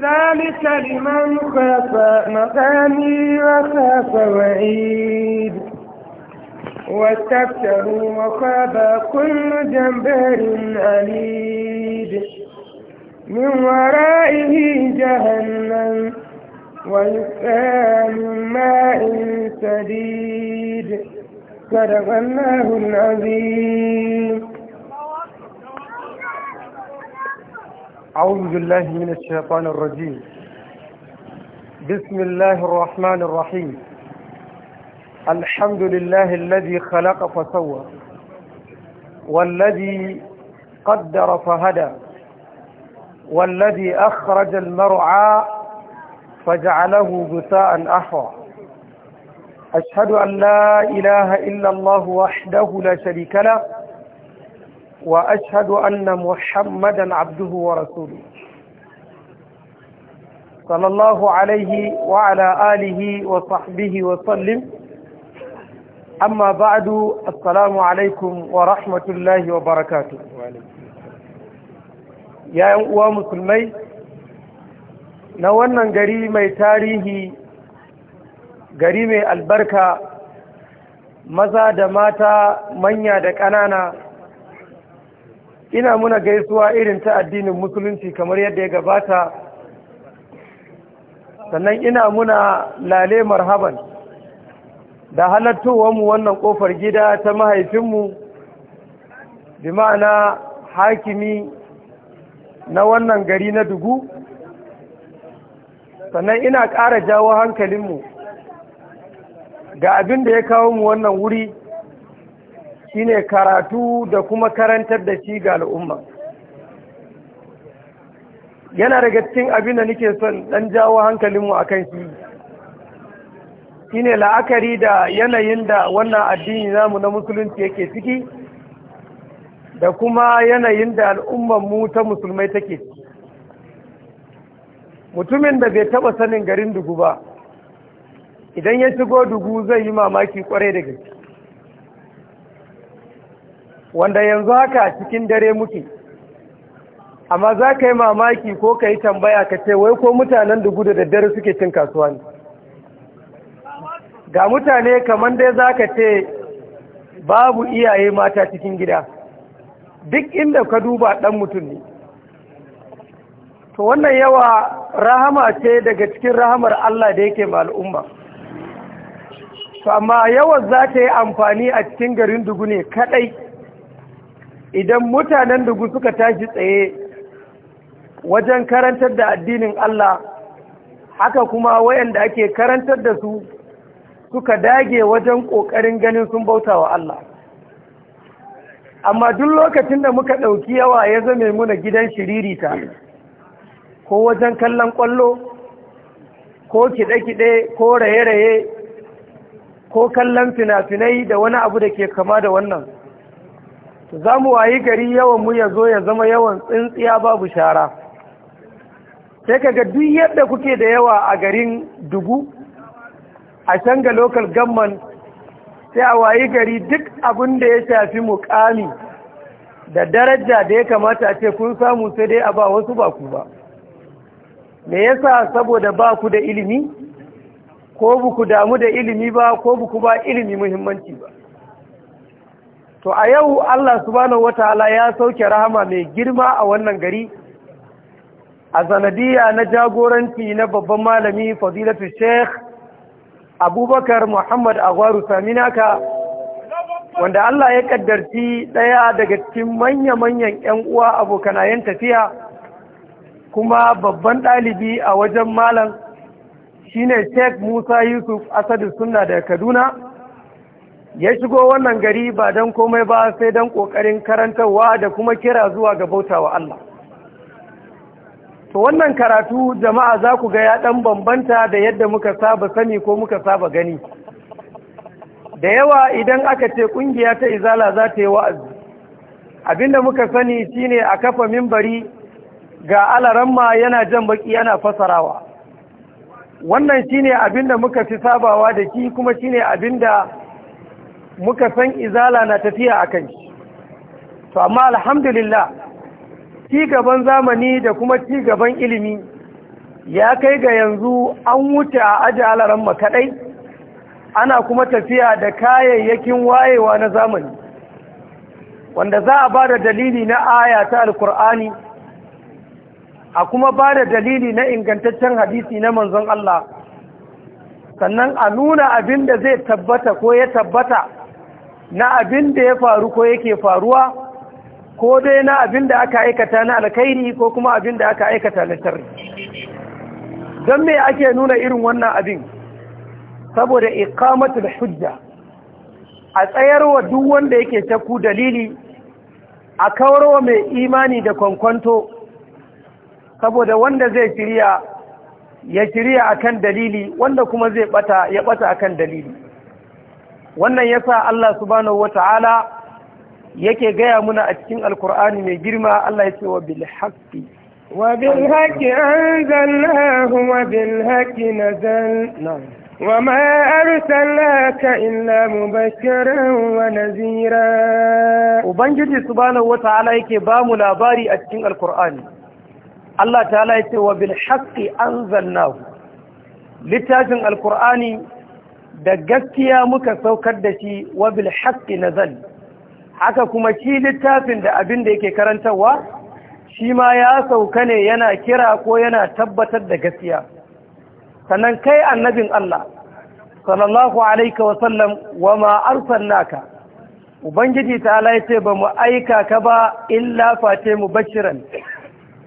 ذلك لمن خاف مقامي وخاف وعيد واستفتروا وخاب كل جبار عنيد من ورائه جهنم ولسان ماء سديد صدق الله العظيم أعوذ بالله من الشيطان الرجيم بسم الله الرحمن الرحيم الحمد لله الذي خلق فسوى والذي قدر فهدى والذي أخرج المرعى فجعله بثاء أحوى أشهد أن لا إله إلا الله وحده لا شريك له واشهد ان محمدا عبده ورسوله صلى الله عليه وعلى اله وصحبه وسلم اما بعد السلام عليكم ورحمه الله وبركاته يا uwa musulmai na wannan gari mai tarihi gari mai albarka maza da mata manya da ƙanana ina muna gaisuwa irin ta addinin musulunci kamar yadda ya gabata sannan ina muna lale marhaban da halattowarmu wannan kofar gida ta mahaifinmu bi ma'ana hakimi na wannan gari na dugu sannan ina ƙara jawo hankalinmu ga abin da ya kawo mu wannan wuri shine karatu da kuma karantar da shi ga al'umma yana daga cikin abin da nake son dan jawo hankalinmu a kan shi shine la'akari da yanayin da wannan addini namu na musulunci yake ciki da kuma yanayin da al'ummar mu ta musulmai take mutumin da bai taba sanin garin dugu ba idan ya shigo dugu zai yi mamaki kwarai da gaske wanda yanzu haka cikin dare muke amma za ka yi mamaki ko ka yi tambaya ka ce wai ko mutanen da gudu da dare suke cin kasuwa ne ga mutane kamar dai za ka ce babu iyaye mata cikin gida duk inda ka duba ɗan mutum ne to wannan yawa rahama ce daga cikin rahamar Allah da yake al'umma to amma yawan za ta yi amfani a cikin garin dugu ne kaɗai idan mutanen dugu suka tashi tsaye wajen karantar da addinin Allah haka kuma wayanda ake karantar da su suka dage wajen ƙoƙarin ganin sun bauta wa Allah amma duk lokacin da muka ɗauki yawa ya zame muna gidan shiririta ko wajen kallon ƙwallo ko kiɗe-kiɗe ko raye-raye ko kallon fina-finai da wani abu da ke kama da wannan za mu wayi gari yawan mu ya zo ya zama yawan tsintsiya babu shara sai kaga duk yadda kuke da yawa a garin dubu a can ga local government sai a wayi gari duk abin da ya shafi mukami da daraja da ya kamata a ce kun samu sai dai a ba wasu ba ku ba me yasa saboda ba ku da ilimi ko ba ku damu da ilimi ba ko ba ba ilimi muhimmanci ba to a yau Allah subhanahu wataala ya sauke rahama mai girma a wannan gari a zanadiya na jagoranci na babban malami fadilatu sheikh abubakar muhammad agwaru saminaka wanda Allah ya kaddarci ɗaya daga cikin manya-manyan 'yan uwa abokanayen tafiya kuma babban ɗalibi a wajen malam shine sheikh musa yusuf asadu Suna daga kaduna ya shigo wannan gari ba don komai ba sai don ƙoƙarin karantarwa da kuma kira zuwa ga bautawa Allah to wannan karatu jama'a za ku ga ya ɗan bambanta da yadda muka saba sani ko muka saba gani da yawa idan aka ce ƙungiya ta izala za ta yi wa'azi abinda muka sani shine a kafa mimbari ga alaramma yana jan baki yana fasarawa wannan shine abinda muka fi sabawa da shi kuma shine abinda muka san izala na tafiya a kan shi to amma alhamdulillah ci gaban zamani da kuma cigaban ilimi ya kai ga yanzu an wuce a aji alaran makaɗai ana kuma tafiya da kayayyakin wayewa na zamani wanda za a ba da dalili na aya ta alkur'ani a kuma ba da dalili na ingantaccen hadisi na manzon Allah sannan a nuna abin da zai tabbata ko ya tabbata na abin da ya faru ko yake faruwa ko dai na abin da aka aikata na alkhairi ko kuma abin da aka aikata na tarri don me ake nuna irin wannan abin saboda da hujja a tsayarwa duk wanda yake shakku dalili a kawarwa mai imani da kwankwanto saboda wanda zai shirya ya shirya akan dalili wanda kuma zai bata ya bata akan dalili wannan yasa Allah subhanahu wata'ala yake gaya muna a cikin alkur'ani mai girma Allah ya ce wa bil haqqi wa bilhaƙi haqqi anzalnahu wa bil haqqi nazal وما أرسلناك إلا مبشرا ونذيرا وبنجي labari a cikin بام Allah أتكين القرآن الله تعالى يتي وبالحق أنزلناه littafin alkur'ani da gaskiya muka saukar da shi wa bil na nazal haka kuma shi littafin da abin da yake karantarwa shi ma ya sauka ne yana kira ko yana tabbatar da gaskiya sannan kai annabin Allah sallallahu alaihi wa sallam wa ma arsalnaka ubangiji ta ala yace ba mu aika ka ba illa fatimu bashiran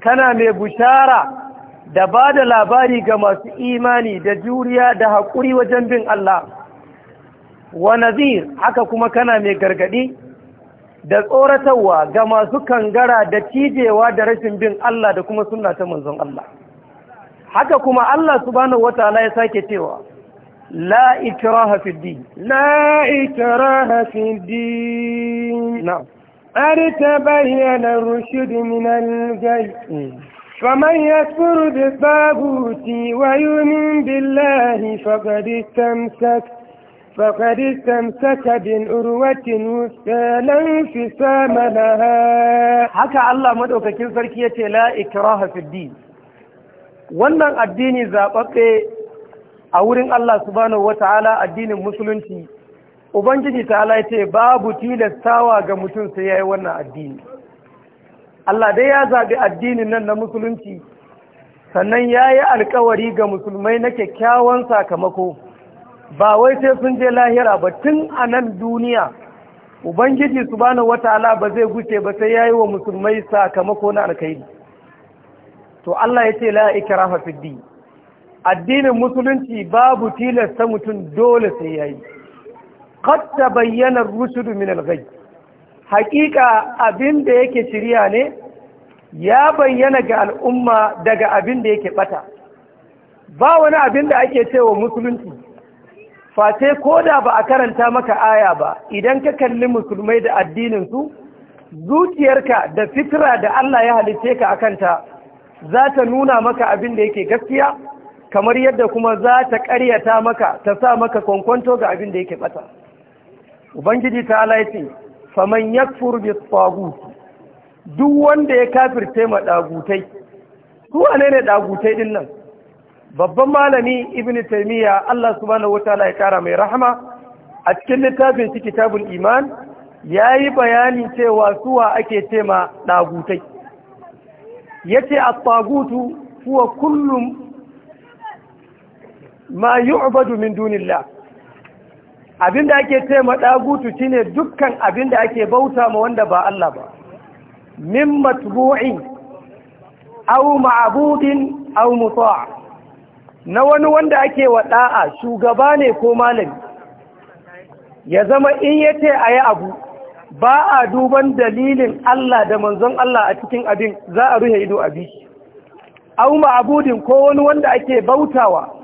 kana mai bushara da ba da labari ga masu imani da juriya da haƙuri wajen bin Allah wa nazir haka kuma kana mai gargaɗi da tsoratarwa ga masu kangara da cijewa da rashin bin Allah da kuma suna ta manzon Allah haka kuma Allah subhanahu ala ya sake cewa la ikraha fid din la ikraha fid din Ari ta bayyana rushd min al فمن يكفر بالطاغوت ويؤمن بالله فقد استمسك فقد استمسك بالعروة الوثقى لا انفصام لها haka Allah madaukakin sarki yace la ikraha fid wannan addini zaɓaɓɓe a wurin Allah subhanahu wata'ala addinin musulunci ubangiji ta'ala yace babu tilastawa ga mutum sai yayi wannan addini Allah dai ya zaɓi addinin nan na musulunci sannan ya yi alkawari ga musulmai na kyakkyawan sakamako ba wai sai sun je lahira ba tun a nan duniya ubangiji su wata ala ba zai guce ba sai ya yi wa musulmai sakamako na alkhairi to Allah ya ce ikraha fid addinin musulunci babu tilasta mutum dole sai yayi qad ta ar min hakika abin da yake shirya ne ya bayyana ga al'umma daga abin da yake bata ba wani abin da ake cewa musulunci face ko da ba a karanta maka aya ba idan ka kalli musulmai da addininsu zuciyarka da fitira da Allah ya halice ka akanta za ta nuna maka abin da yake gaskiya kamar yadda kuma za ta ƙaryata maka ta sa maka kwankwanto ga abin da yake bata ubangiji ta halaye faman yakfur bi tsagut duk wanda ya kafirce ma dagutai su wane ne dagutai din nan babban malami ibnu taymiya Allah subhanahu wataala ya kara mai rahama a cikin littafin shi kitabul iman yayi bayani cewa suwa ake tema dagutai yace at-tagutu huwa kullu ma yu'badu min dunillah abinda ake ce ma shi shine dukkan abinda ake bauta ma wanda ba Allah ba min matubu'in, Au ma'abudin, au mutuwa, na wani wanda ake wa ɗa'a shugaba ne ko malami ya zama in ce a yi abu ba a duban dalilin Allah da manzon Allah a cikin abin za a ruhe ido abi Au ma'abudin ko wani wanda ake bautawa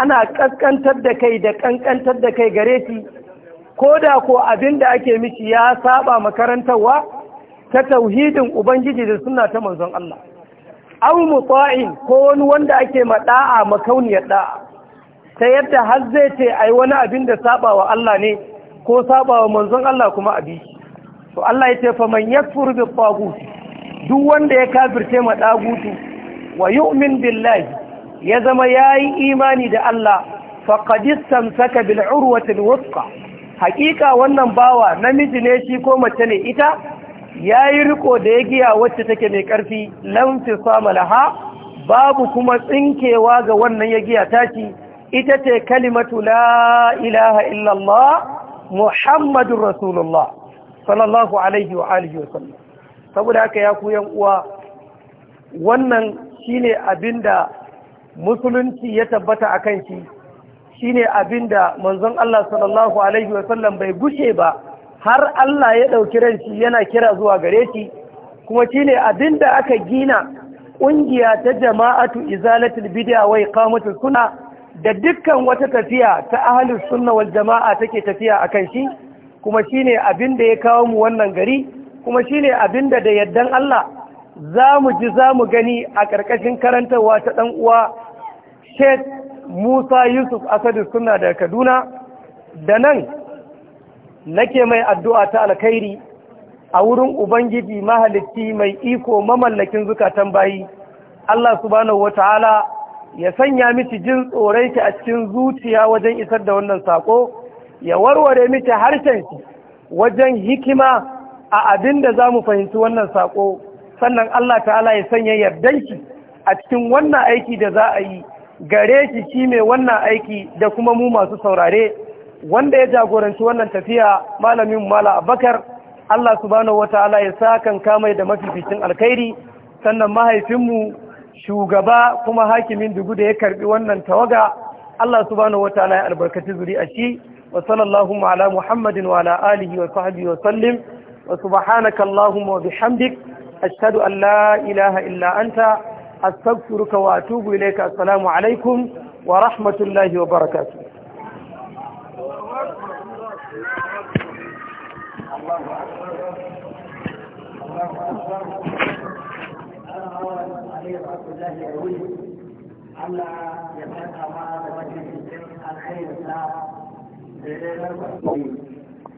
ana ƙasƙantar da kai da ƙanƙantar da kai gare shi ko da ko abin da ake miki ya saba makarantarwa ta tauhidin ubangiji da suna ta manzon Allah aw muta'in ko wani wanda ake mada'a makauniyar da'a ta yadda har zai ce ai wani abin da saba wa Allah ne ko saba wa manzon Allah kuma abi to Allah ya ce fa man yakfur bi duk wanda ya kafirce ma dagutu wa yu'min billahi ya zama ya yi imani da Allah faƙadistan saka bil'urwatin wuska hakika wannan bawa namiji ne shi ko mace ne ita ya yi riko da ya giya wacce take mai ƙarfi lamfi ha babu kuma tsinkewa ga wannan ya giya tashi ita ce kalimatu la ilaha illallah muhammadun rasulullah sallallahu alaihi wa alihi wa sallam saboda haka ya ku yan uwa wannan shine abinda musulunci ya tabbata a kan shi shine abin da manzon Allah sallallahu alaihi wasallam bai gushe ba har Allah ya ɗauki ranci yana kira zuwa gare shi kuma shine abin da aka gina ƙungiya ta jama'atu izalatul bid'a wai iqamatus sunna da dukkan wata tafiya ta ahlus sunna wal jama'a take tafiya a akan shi kuma shine abin da ya kawo mu wannan gari kuma shine abin da da yaddan Allah za mu ji za mu gani a ƙarƙashin karantarwa ta ɗan uwa Sheikh Musa Yusuf Asadu suna da Kaduna da nan nake mai addu'a ta alkhairi a wurin Ubangiji mahalicci mai iko mamallakin zukatan bayi Allah subhanahu ta'ala ya sanya miki jin tsorai ta a cikin zuciya wajen isar da wannan saƙo, ya warware miki harshen shi wajen hikima a abin da za mu fahimci wannan saƙo, sannan Allah ta'ala ya sanya yardanki a cikin wannan aiki da za a yi gare shi shi mai wannan aiki da kuma mu masu saurare wanda ya jagoranci wannan tafiya malamin mala abakar Allah subhanahu wataala ya sa kan kamai da mafificin alkhairi sannan mahaifinmu shugaba kuma hakimin dugu da ya karbi wannan tawaga Allah subhanahu wataala ya albarkaci zuri'a shi wa sallallahu ala muhammadin wa ala alihi wa sahbihi wa sallim wa subhanaka allahumma wa bihamdik ashhadu an la ilaha أستغفرك وأتوب إليك السلام عليكم ورحمة الله وبركاته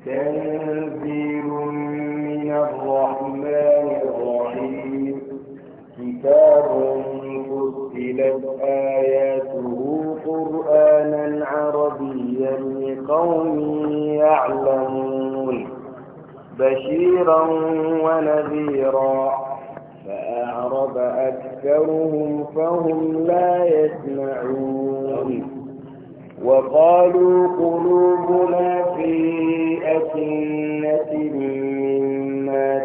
تنزيل من الرحمن الرحيم كتاب فصلت آياته قرآنا عربيا لقوم يعلمون بشيرا ونذيرا فأعرض أكثرهم فهم لا يسمعون وقالوا قلوبنا في أكنة من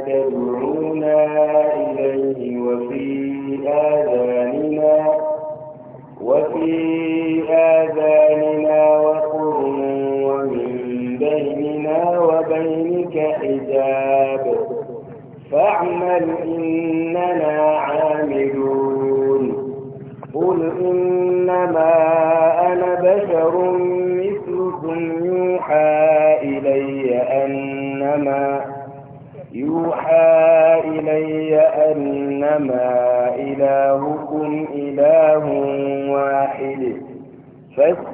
تدعونا إليه وفي آذاننا وفي آذاننا وقر ومن بيننا وبينك حجاب فاعمل إننا عاملون قل إنما أنا بشر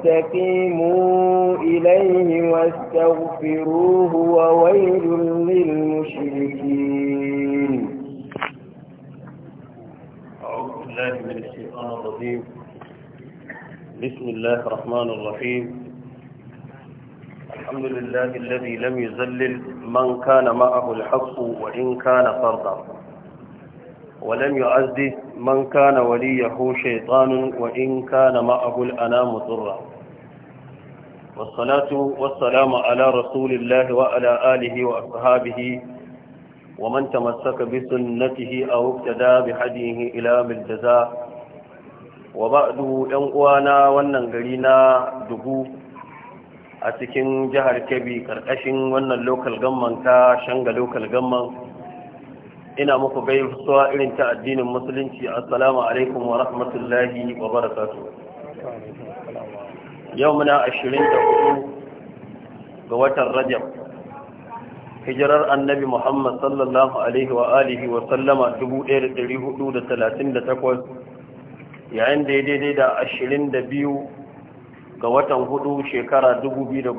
فاستقيموا إليه واستغفروه وويل للمشركين أعوذ بالله من الشيطان الرجيم بسم الله الرحمن الرحيم الحمد لله الذي لم يذلل من كان معه الحق وإن كان فرضا ولم يعزه من كان وليه شيطان وإن كان معه الأنام ضرا والصلاة والسلام على رسول الله وعلى آله وأصحابه ومن تمسك بسنته أو ابتدى بحديه إلى بالجزاء وبعد ينقوانا وننقلنا دقو أتكين جهر كبي كرقشن وننلوك الغمان كاشنغلوك الغمان ina muku gaisuwa irin ta addinin musulunci assalamu alaikum wa rahmatullahi wa barakatuh yau muna ashirin da hudu ga watan rajab hijirar annabi muhammad sallallahu alaihi wa alihi wa sallama 1438 yayin da ya daidai da ashirin da biyu ga watan hudu shekara 2017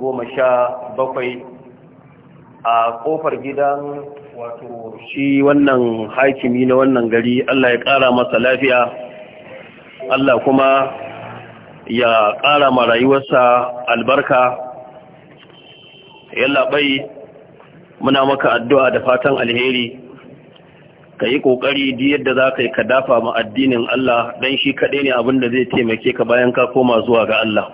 a kofar gidan wato shi wannan hakimi na wannan gari allah ya kara masa lafiya allah kuma ya ƙara ma rayuwarsa albarka yallaɓai muna maka addu'a da fatan alheri ka yi ƙoƙari di yadda za ka yi ka dafa ma addinin Allah don shi kaɗai ne abin da zai taimake ka bayan ka koma zuwa ga Allah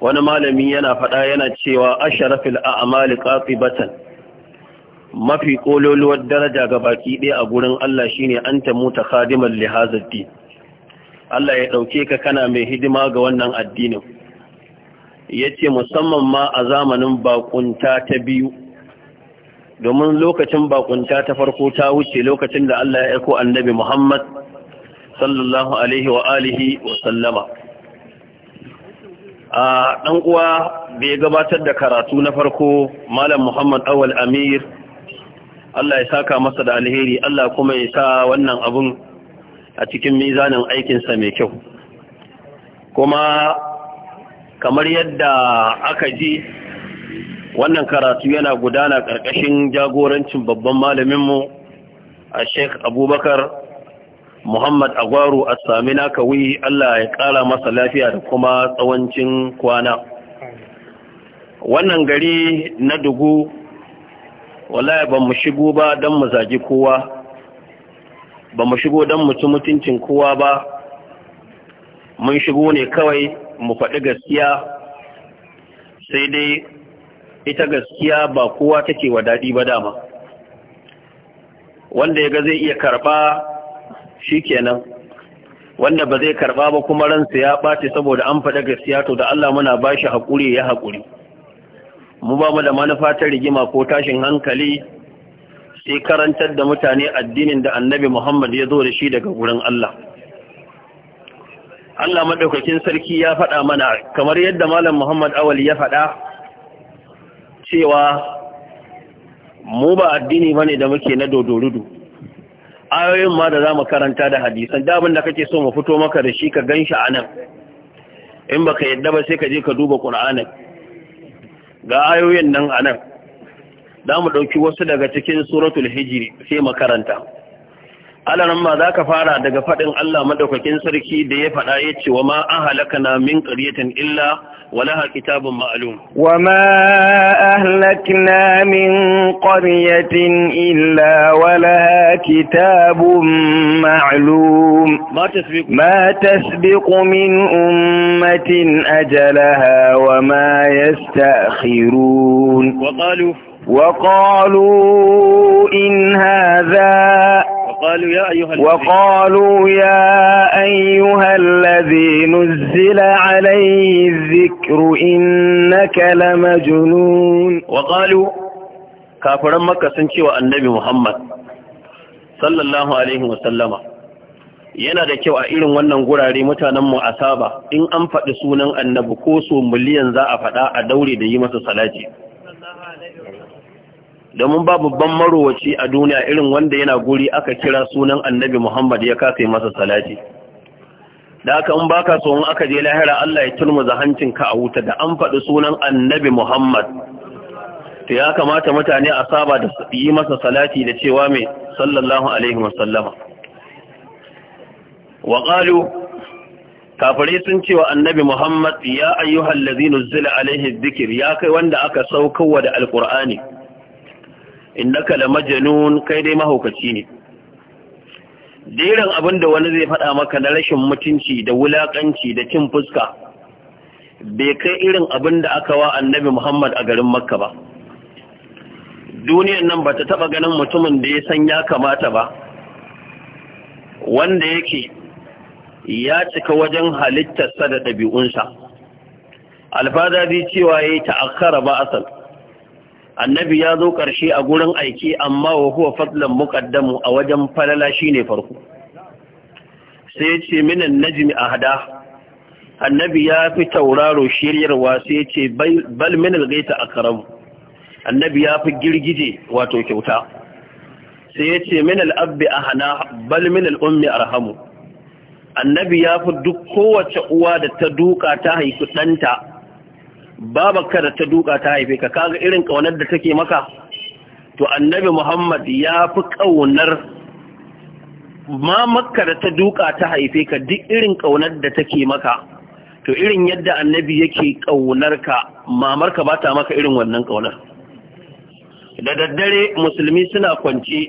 wani malami yana faɗa yana cewa asharafil a'amali batan. mafi ƙololuwar daraja ga baki ɗaya a gurin Allah shine an ta muta khadimar lihazar din Allah ya ɗauke ka kana mai hidima ga wannan addinin ya ce musamman ma a zamanin bakunta ta biyu domin lokacin bakunta ta farko ta wuce lokacin da Allah ya aiko annabi Muhammad sallallahu alaihi wa alihi wa sallama a ɗan uwa da gabatar da karatu na farko malam muhammad awal amir allah ya saka masa da alheri allah kuma ya sa wannan abun a cikin mizanin aikinsa mai kyau kuma kamar yadda aka ji wannan karatu yana gudana ƙarƙashin jagorancin babban malaminmu a sheik abubakar muhammad agwaru a sami nakawi allah ya ƙara masa lafiya da kuma tsawancin kwana wannan gari na dugu wala ba mu shigo ba don mu zagi kowa ba mu shigo don mu mutuncin kowa ba mun shigo ne kawai mu faɗi gaskiya sai dai ita gaskiya ba kowa take wa daɗi ba dama wanda ya ga zai iya karɓa shi kenan wanda ba zai karɓa ba kuma ransa ya ɓace saboda an faɗi gaskiya to da Allah muna ba shi haƙuri ya haƙuri mu ba mu da manufa ta rigima ko tashin hankali sai karantar da mutane addinin da annabi Muhammad ya zo da shi daga wurin Allah. Allah maɗaukakin sarki ya faɗa mana kamar yadda Malam Muhammad Awali ya faɗa cewa mu ba addini ne da muke na dodorudu. Ayoyin ma da za mu karanta da hadisan damin da kake so mu fito maka da shi ka gan shi a nan. In baka yadda ba sai ka je ka duba Ƙur'anin. Ga ayoyin nan a nan. za mu ɗauki wasu daga cikin suratul hijiri sai makaranta alaran ma za ka fara daga faɗin Allah madaukakin sarki da ya faɗa ya ce wa ma an halakana min ƙaryatan illa walaha kitabun ma'alum wa ma ahlakna min ƙaryatin illa walaha kitabun ma'alum ma tasbiqu min ummatin ajalaha wa ma yasta'khirun wa qalu وقالوا إن هذا وقالوا يا أيها الذي, وقالوا يا أيها الذي نزل عليه الذكر إنك لمجنون وقالوا كافر مكة سنشي والنبي محمد صلى الله عليه وسلم yana da kyau a irin wannan gurare mutanenmu a saba in an faɗi sunan annabi ko so miliyan za a faɗa a daure da yi masa salati domin ba babban marowaci a duniya irin wanda yana guri aka kira sunan annabi Muhammad ya kasa masa salati da aka in baka aka je lahira Allah ya turmuza hancinka a wuta da an faɗi sunan annabi Muhammad to ya kamata mutane a saba da yi masa salati da cewa mai sallallahu alaihi wasallama wa qalu kafare sun cewa annabi Muhammad ya ayyuhal ladhina alaihi zikir, ya kai wanda aka saukowa da Alƙur'ani. innaka la majnun kai dai mahaukaci ne jerin abin da wani zai faɗa maka na rashin mutunci da wulakanci da cin fuska bai kai irin abin da aka wa annabi Muhammad a garin Makka ba duniyar nan ba ta taɓa ganin mutumin da ya san ya kamata ba wanda yake ya cika wajen halittarsa da ɗabi'unsa alfada zai cewa ya yi ta'akkara ba asal annabi ya zo ƙarshe a gurin aiki amma wa huwa fadlan muqaddamu a wajen falala shine farko sai ce minan najmi ahada annabi ya fi tauraro shiryarwa sai ce bal minal gaita akram annabi ya fi girgije wato kyauta sai ya ce minal abbi ahana bal minal ummi arhamu annabi ya fi duk kowace uwa da ta duka ta haifi ɗanta babarka da ta duka ta haife ka kaga irin kaunar da take maka to annabi Muhammad ya fi kaunar makka da ta duka ta haife ka duk irin kaunar da take maka to irin yadda annabi yake kaunar ka mamarka ba ta maka irin wannan kaunar da daddare musulmi suna kwance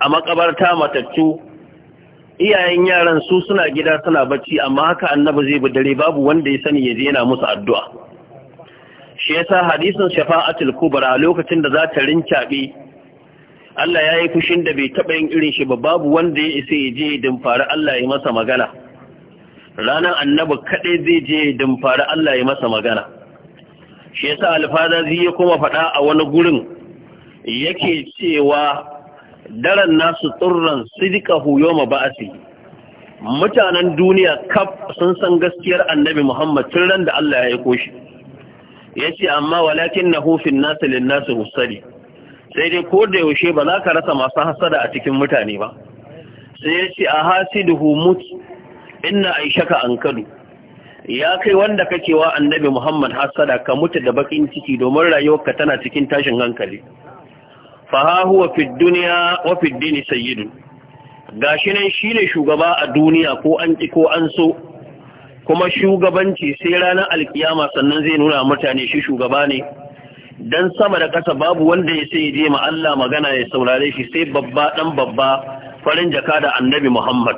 a makabarta matattu iyayen yaran su suna gida suna bacci amma haka annabi zai bi dare babu wanda ya sani ya je yana musu addu'a shi yasa hadisin shafa'atul kubra lokacin da za ta rinkabe Allah ya yi fushin da bai taba yin irin shi ba babu wanda ya isa ya je ya Allah ya masa magana ranar annabi kaɗai zai je ya dimfari Allah ya masa magana shi yasa alfada ya kuma faɗa a wani gurin yake cewa daren nasu tsurran sidikahu su ba'asi mutanen duniya kaf sun san gaskiyar annabi Muhammad tun ran da Allah ya yi koshi. Ya ce amma na hufin nasu lin nasu hussari. sai dai ko da yaushe ba za ka rasa masu hasada a cikin mutane ba sai yace a hasiduhu mut inna aishaka kadu ya kai wanda kake wa annabi Muhammad hasada ka mutu da bakin ciki domin ka tana cikin tashin hankali faha huwa fi duniya wa fi dini sayyidu gashi nan shine shugaba a duniya ko an ki ko an so kuma shugabanci sai ranar alƙiyama sannan zai nuna mutane shi shugaba ne dan sama da ƙasa babu wanda ya sai je ma Allah magana ya saurare shi sai babba ɗan babba farin jaka da annabi Muhammad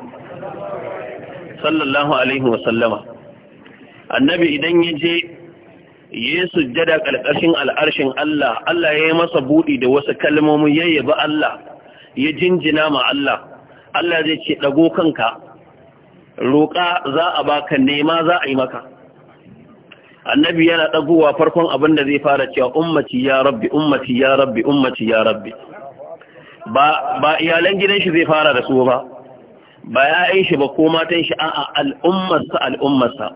sallallahu alaihi wa sallama annabi idan ya je Yesu, jada ƙarƙashin al'arshin Allah, Allah ya yi masa buɗi da wasu kalmomi yayyaba Allah, ya jinjina ma Allah, Allah zai ce ɗago kanka, roƙa za a baka nema za a yi maka. Annabi yana ɗagowa farkon abin da zai fara cewa ummaci ya rabbi, ummaci ya rabbi, ummaci ya rabbi. Ba iyalan gidan shi zai fara da su ba, ba ya'yan shi ba ko matan shi a al'ummarsa al'ummarsa.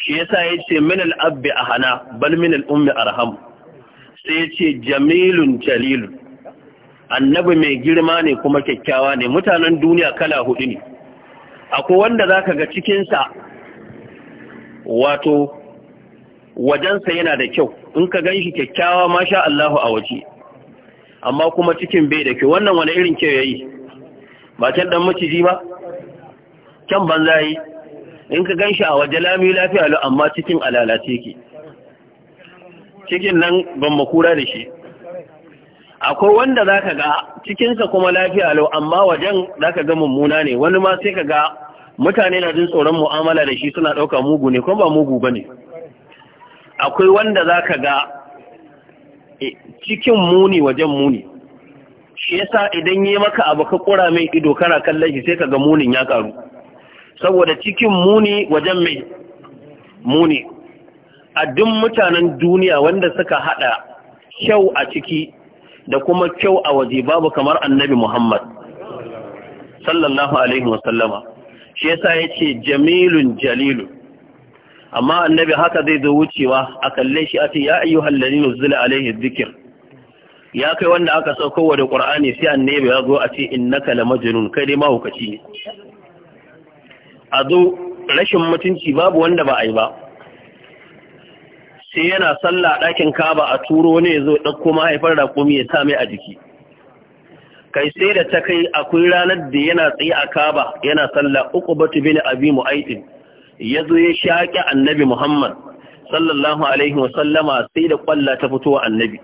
shi yasa ya min minal abbi hana, bal min al'ummi ummi arham sai ya ce jamilun jalil annabi mai girma ne kuma kyakkyawa ne mutanen duniya kala hudu ne akwai wanda zaka ga cikinsa? sa wato wajensa yana da kyau in ka ganshi kyakkyawa masha Allahu a waje amma kuma cikin bai da kyau wannan wani irin kyau yayi ba can dan maciji ba can banza yi in ka gan shi a waje lami lafiya lo amma cikin alalace ke cikin nan ban makura da shi akwai wanda za ka ga cikinsa kuma lafiya lau amma wajen za ga mummuna ne wani ma sai ka ga mutane na jin tsoron mu'amala da shi suna ɗauka mugu ne kuma ba mugu ba ne akwai wanda zaka ga e, cikin muni wajen muni shi yasa idan yi maka abu ka kura mai ido kana kallon shi sai ka ga munin ya karu saboda cikin muni wajen mai muni a duk mutanen duniya wanda suka hada kyau a ciki da kuma kyau a waje babu kamar annabi Muhammad sallallahu alaihi wasallama shi yasa yace jamilun jalilu amma annabi haka zai zo wucewa a kalle shi a ce ya ayyuhal ladina nuzila alaihi dhikr ya kai wanda aka sauko da qur'ani sai annabi ya zo a ce innaka lamajnun kai dai mahaukaci ne a zo rashin mutunci babu wanda ba a yi ba sai yana sallah ɗakin kaba a turo ne zo ɗauko mahaifar raƙumi ya sa a jiki kai sai da ta kai akwai ranar da yana tsaye a kaba yana sallah uku batu bin abi mu'aitin ya zo ya shaƙi annabi muhammad sallallahu alaihi wasallama sai da ƙwalla ta fito annabi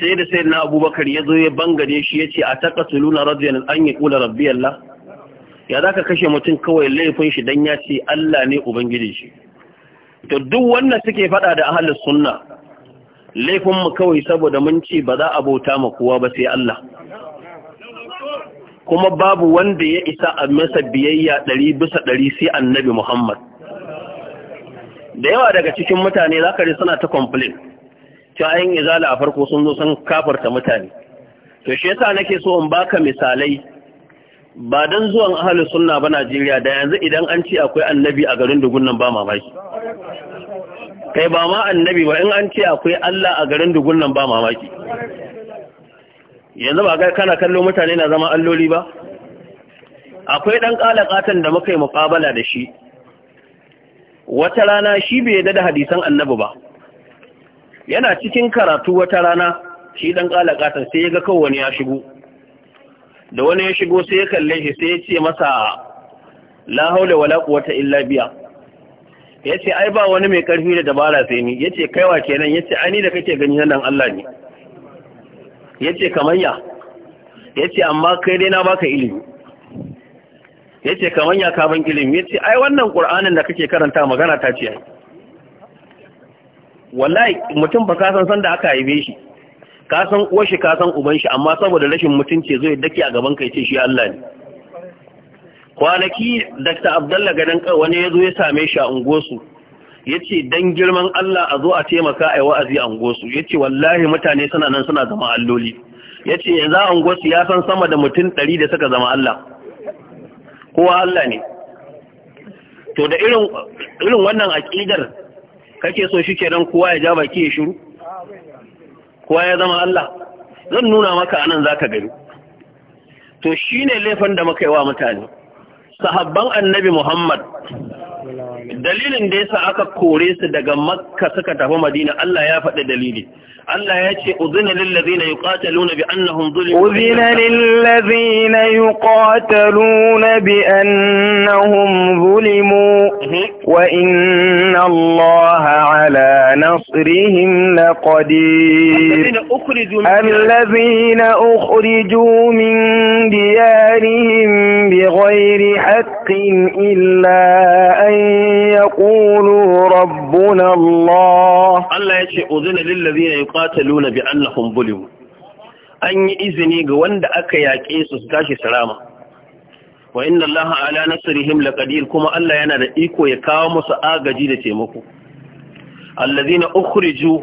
sai da sai na abubakar ya zo ya bangare shi ya ce a taƙasuluna radiyan an yi ƙula rabbi Allah ya za ka kashe mutum kawai laifin shi don ya ce Allah ne Ubangiji shi. To duk wannan suke faɗa da ahalus sunna laifinmu kawai saboda mun ce ba za a bauta ma kowa ba sai Allah. Kuma babu wanda ya isa a masa biyayya ɗari bisa ɗari sai annabi Muhammad. Da yawa daga cikin mutane za ka ji suna ta complain. Cewa yin izala a farko sun zo sun kafarta mutane. To shi yasa nake so in baka misalai ba don zuwan ahalin sunna ba Najeriya da yanzu idan an ce akwai annabi a garin Dugun nan ba mamaki kai ba ma annabi ba in an ce akwai Allah a garin Dugun nan ba mamaki yanzu ba ga kana kallo mutane na zama alloli ba akwai ƙala kalakatan da muka yi muqabala da shi wata rana shi bai yadda da hadisan annabi ba yana cikin karatu wata rana shi dan kalakatan sai ya ga kowane ya shigo da wani ya shigo sai ya kalle shi sai ya ce masa la haula wala quwwata illa biya yace ai ba wani mai karfi da dabara sai ni yace kaiwa kenan yace ai ni da kake gani nan Allah ne yace kamanya yace amma kai dai na baka ilimi yace kamanya ka ban ilimi yace ai wannan Qur'anin da kake karanta magana ta ce ai wallahi mutum ba ka san san da aka be shi ka san uwar shi ka san uban shi amma saboda rashin mutunci zai dake a gaban kai ce shi Allah ne kwanaki Dr. Abdullah gadan wani yazo ya same shi a unguwarsu yace dan girman Allah a zo a taimaka a wa'azi a unguwarsu ya ce wallahi mutane suna nan suna zama alloli ya ce yanzu a unguwarsu ya san sama da mutum ɗari da suka zama Allah kowa Allah ne to da irin wannan aƙidar kake so shi kenan kowa ya ja baki ya shiru kowa ya zama Allah zan nuna maka anan za ka gani to shi ne laifin da muka yi wa mutane sahabban annabi Muhammad dalilin da yasa aka kore su daga makka suka tafi madina Allah ya faɗi dalili Allah ya ce uzina lillazina yuqataluna bi annahum zulimu uzina lillazina yuqataluna bi annahum zulimu mhm. wa inna Allah ala nasrihim laqadir allazina ukhriju min diyarihim bighayri haqqin illa an yaƙulu rabbun Allah. Allah ya ce, Uzina lillazi ne ya kwata luna bi Allahun bulimu, an yi izini ga wanda aka yaƙe su su tashi sarama. Wa inna Allah ala nasirihim laqadir kuma Allah yana da iko ya kawo masu agaji da taimako. Allazi na ukhriju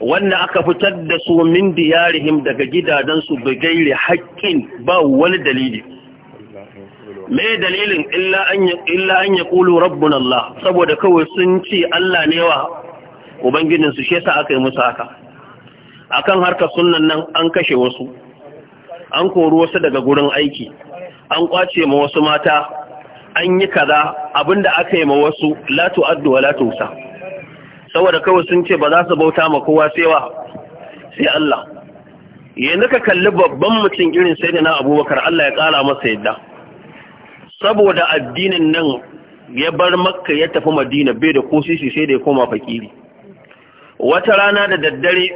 wanda aka fitar da su min diyarihim daga gidajensu da gaire haƙƙin ba wani dalili. Me dalilin illa an ya ƙulu rabbin Allah saboda kawai sun ce Allah ne wa Ubangijinsu shi aka yi musu haka akan harkar sunan nan an kashe wasu an kori wasu daga gurin aiki an kwace ma wasu mata an yi kaza abinda aka yi ma wasu latu addu wa latu sa saboda kawai sun ce ba za su bauta ma kowa sai wa sai Allah yanzu ka kalli babban mutum irin sai da na abubakar Allah ya ƙara masa yadda saboda addinin nan ya bar makka ya tafi madina bai da ko sai da ya koma fakiri wata rana da daddare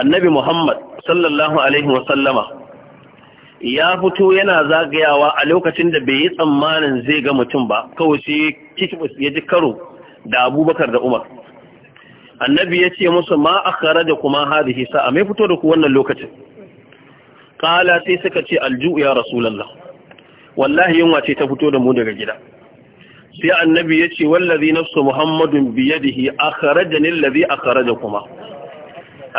annabi muhammad sallallahu alaihi wasallama ya fito yana zagayawa a lokacin da bai yi tsammanin zai ga mutum ba kawai sai kikibus ya ji karo da abubakar da umar annabi ya ce musu ma da kuma hadihi sa'a mai fito da ku wannan lokacin Kala sai suka ce aljuu ya rasulullah wallahi yunwa ce ta fito da mu daga gida sai annabi ya ce wallazi nafsu muhammadun biyadihi akhrajani allazi akhrajakuma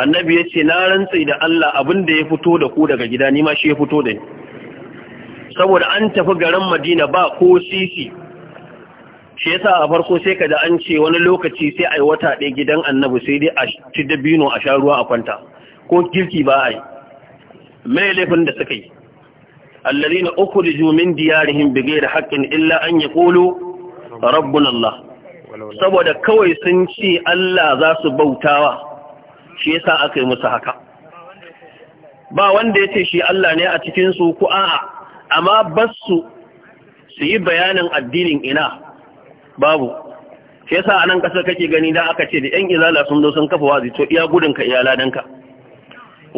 annabi ya ce na rantsi da Allah abin da ya fito da ku daga gida ni ma shi ya fito da ni saboda an tafi garin Madina ba ko sisi shi yasa a farko sai kada an ce wani lokaci sai ai wata ɗaya gidan annabi sai dai a ci dabino a sha ruwa a kwanta ko girki ba ai mai laifin da suka yi alladhina ukhriju min diyarihim bighayri haqqin illa an yaqulu rabbuna Allah saboda kawai sun ce Allah za su bautawa shi yasa aka yi musu haka ba wanda ya ce shi Allah ne a cikin su ku a'a amma basu su yi bayanin addinin ina babu shi yasa anan kasar kake gani da aka ce da yan izala sun zo sun kafa wazi to iya gudunka iya ladanka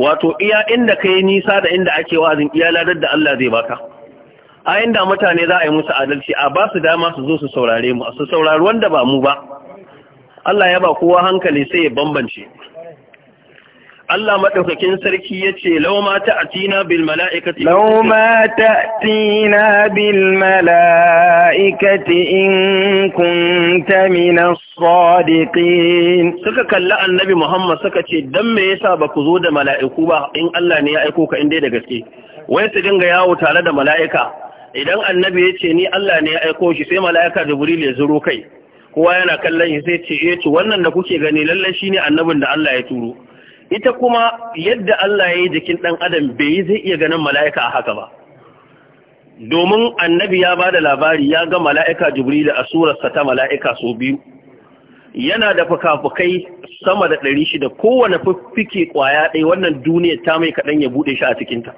wato iya inda ka yi nisa da inda ake wazin iya ladar da Allah zai baka a inda mutane za a yi musu adalci a ba su dama su zo su saurare mu su saurari wanda ba mu ba Allah ya ba kowa hankali sai ya bambance Allah maɗaukakin sarki ya ce, Lauma ta atina bil mala'ikati. Lauma ta atina bil mala'ikati in kunta minas sadiqin. Suka kalli annabi Muhammad suka ce, Don me yasa ba ku zo da mala'iku ba in Allah ne ya aiko ka inda da gaske. Wai su dinga yawo tare da mala'ika. Idan annabi ya ce ni Allah ne ya aiko shi sai mala'ika Jibril ya zuro kai. Kowa yana kallon shi sai ce, Eh, wannan da kuke gani lallai ne annabin da Allah ya turo. ita kuma yadda Allah ya yi jikin ɗan adam bai yi zai iya ganin mala'ika a haka ba domin annabi ya ba da labari ya ga mala'ika jibrilu a surarsa ta mala'ika sau biyu yana da fukafukai sama da ɗari shida kowane fiffike ƙwaya ɗaya wannan duniya ta mai kaɗan ya buɗe shi a cikinta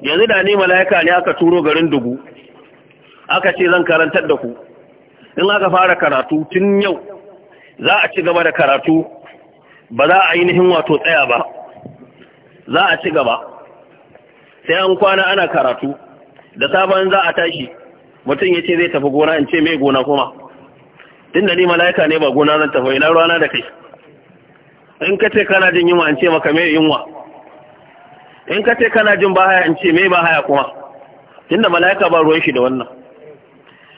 yanzu da ne mala'ika ne aka turo garin dubu aka ce zan karantar da ku in aka fara karatu tun yau za a ci gaba da karatu ba za a ainihin wato tsaya ba za a ci gaba sai an kwana ana karatu da sabon za a tashi mutum ya ce zai tafi gona in ce mai gona kuma tun da ni mala'ika ne ba gona zan tafi ina rana da kai in ka ce kana jin yunwa in ce maka mai yunwa in ka ce kana jin bahaya in ce mai bahaya kuma tun da mala'ika ba ruwan shi da wannan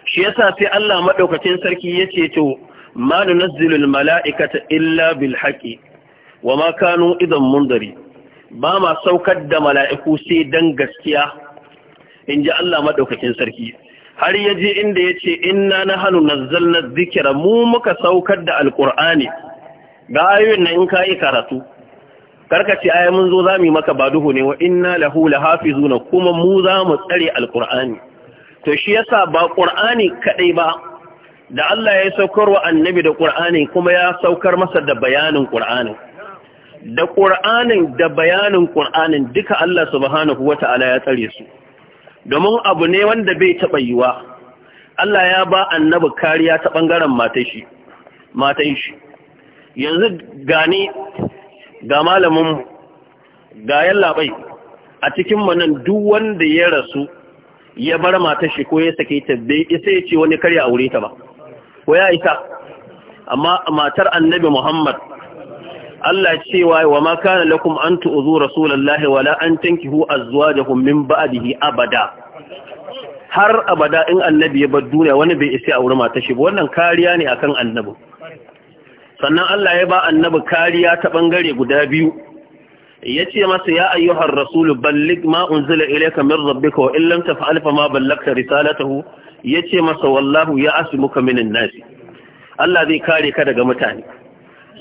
shi yasa sai Allah madaukakin sarki ya ce to ma nunazzilul mala'ikata illa bil haqqi wa ma kanu idan mundari ba ma saukar da mala'iku sai dan gaskiya inji Allah maɗaukakin sarki har yaje inda yace hannu nahnu na zikira mu muka saukar da Alƙur'ani. ga ayoyin nan in yi karatu karkace aya mun zo yi maka baduhu ne wa inna lahu na kuma mu zamu tsare Alƙur'ani. to shi yasa ba ƙur'ani kadai ba da Allah ya saukar wa annabi da ƙur'ani kuma ya saukar masa da bayanin ƙur'ani. da ƙur'anin da bayanin ƙur'ani, duka Allah subhanahu wata'ala ya tsare su domin abu ne wanda bai taɓa yiwa Allah ya ba annabi kariya ta ɓangaren matan shi yanzu gani ga malamin ga yallaɓai a cikin manan duk wanda ya rasu ya bar matar ko ya sake ta bai isa ya ce wani karya aure ta ba Waya ita? isa amma matar annabi Muhammad Allah cewa wa ma kana lakum an tu'zu rasulullahi wala an tankihu da min ba'dihi abada har abada in annabi ya bar duniya wani bai isa aure mata shi wannan kariya ne akan annabi sannan Allah ya ba annabi kariya ta bangare guda biyu yace masa ya ayyuhar rasulu balligh ma unzila ilayka min rabbika wa illam taf'al fa ma ballagta risalatahu ya ce masa wallahu ya asimuka minin nasi Allah zai kare ka daga mutane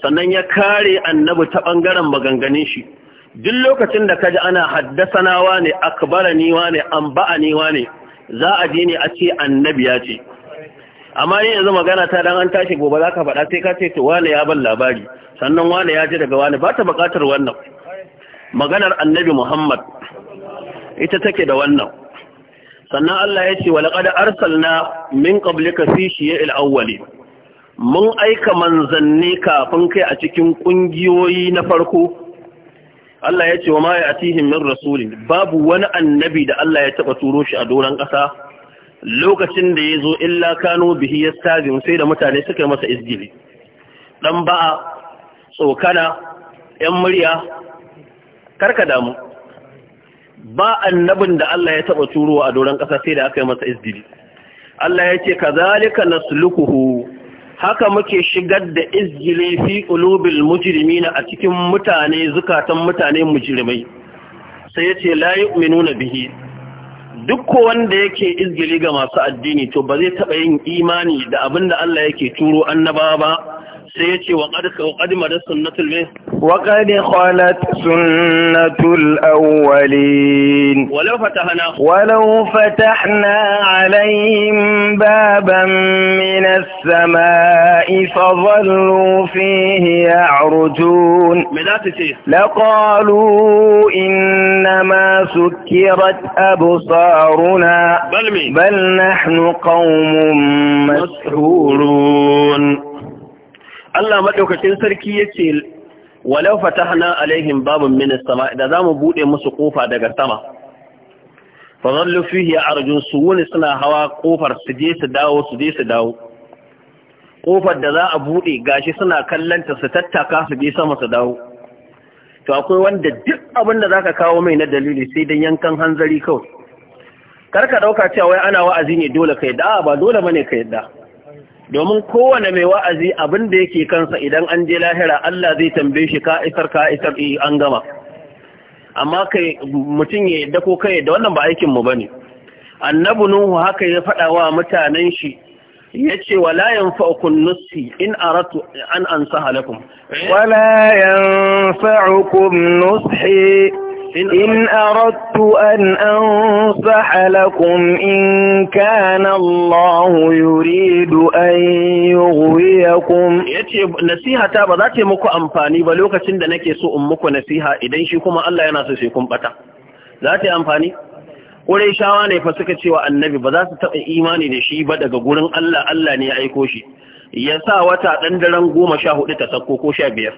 sannan ya kare annabi ta ɓangaren maganganin shi duk lokacin da ka ji ana haddasanawa ne akbaraniwa ne amba'aniwa ne za a je ne a ce annabi ya ce amma yanzu magana ta dan an tashi gobe za ka faɗa sai ka ce to wane ya ban labari sannan wane ya ji daga wane ba ta buƙatar wannan maganar annabi muhammad ita take da wannan sannan Allah ya ce walaƙada arsalna min ƙablika fi shiya'il awwali mun aika manzanni kafin kai a cikin ƙungiyoyi na farko Allah ya ce wa maye a min rasulin babu wani annabi da Allah ya taɓa turo shi a doron ƙasa lokacin da ya zo illa kano bihi ya stabin sai da mutane suka yi masa izgili ɗan ba'a tsokana ‘yan murya karka damu ba annabin da Allah ya taɓa turowa a doron ƙasa sai da aka yi masa izgili Allah ya ce ka kazalika sulukuhu haka muke shigar da izgili fi mujirimi na a cikin mutane zukatan mutane mujirimai. sai ya yace la nuna bihi duk wanda yake izgili ga masu addini to ba zai taba yin imani da abinda Allah yake turo annaba ba سيتي وقد وقد مدت سنة المين وقد خلت سنة الأولين ولو فتحنا ولو فتحنا عليهم بابا من السماء فظلوا فيه يعرجون لقالوا إنما سكرت أبصارنا بل, بل نحن قوم مسحورون Allah madaukakin sarki yake walau fatahna alaihim babun min as-sama da zamu buɗe musu kofa daga sama fa zallu fihi arjun suwun suna hawa kofar su je su dawo su je su dawo kofar da za a bude gashi suna kallanta su tattaka su je sama su dawo to akwai wanda duk abin da zaka kawo mai na dalili sai dan yankan hanzari kawai karka dauka cewa wai ana wa'azi ne dole kai da ba dole bane kai da domin kowane mai wa'azi abin da yake kansa idan an je lahira Allah zai tambaye shi ka isar ka isar eh, an gama amma kai mutum ya yadda ko kai da wannan ba aikin mu bane annabi nuhu haka ya faɗa wa mutanen shi Ya yace wala fa’ukun nusi in aratu an halakun wa wala fa’ukun nussi إن أردت أن أنصح لكم إن كان الله يريد أن يغويكم ba za ta muku amfani ba lokacin da nake so in muku nasiha idan shi kuma Allah yana so sai kun bata za ta yi amfani shawa ne fa suka cewa annabi ba za su taɓa imani da shi ba daga gurin Allah Allah ne ya aiko shi ya sa wata ɗan daren goma sha hudu ta sako ko sha biyar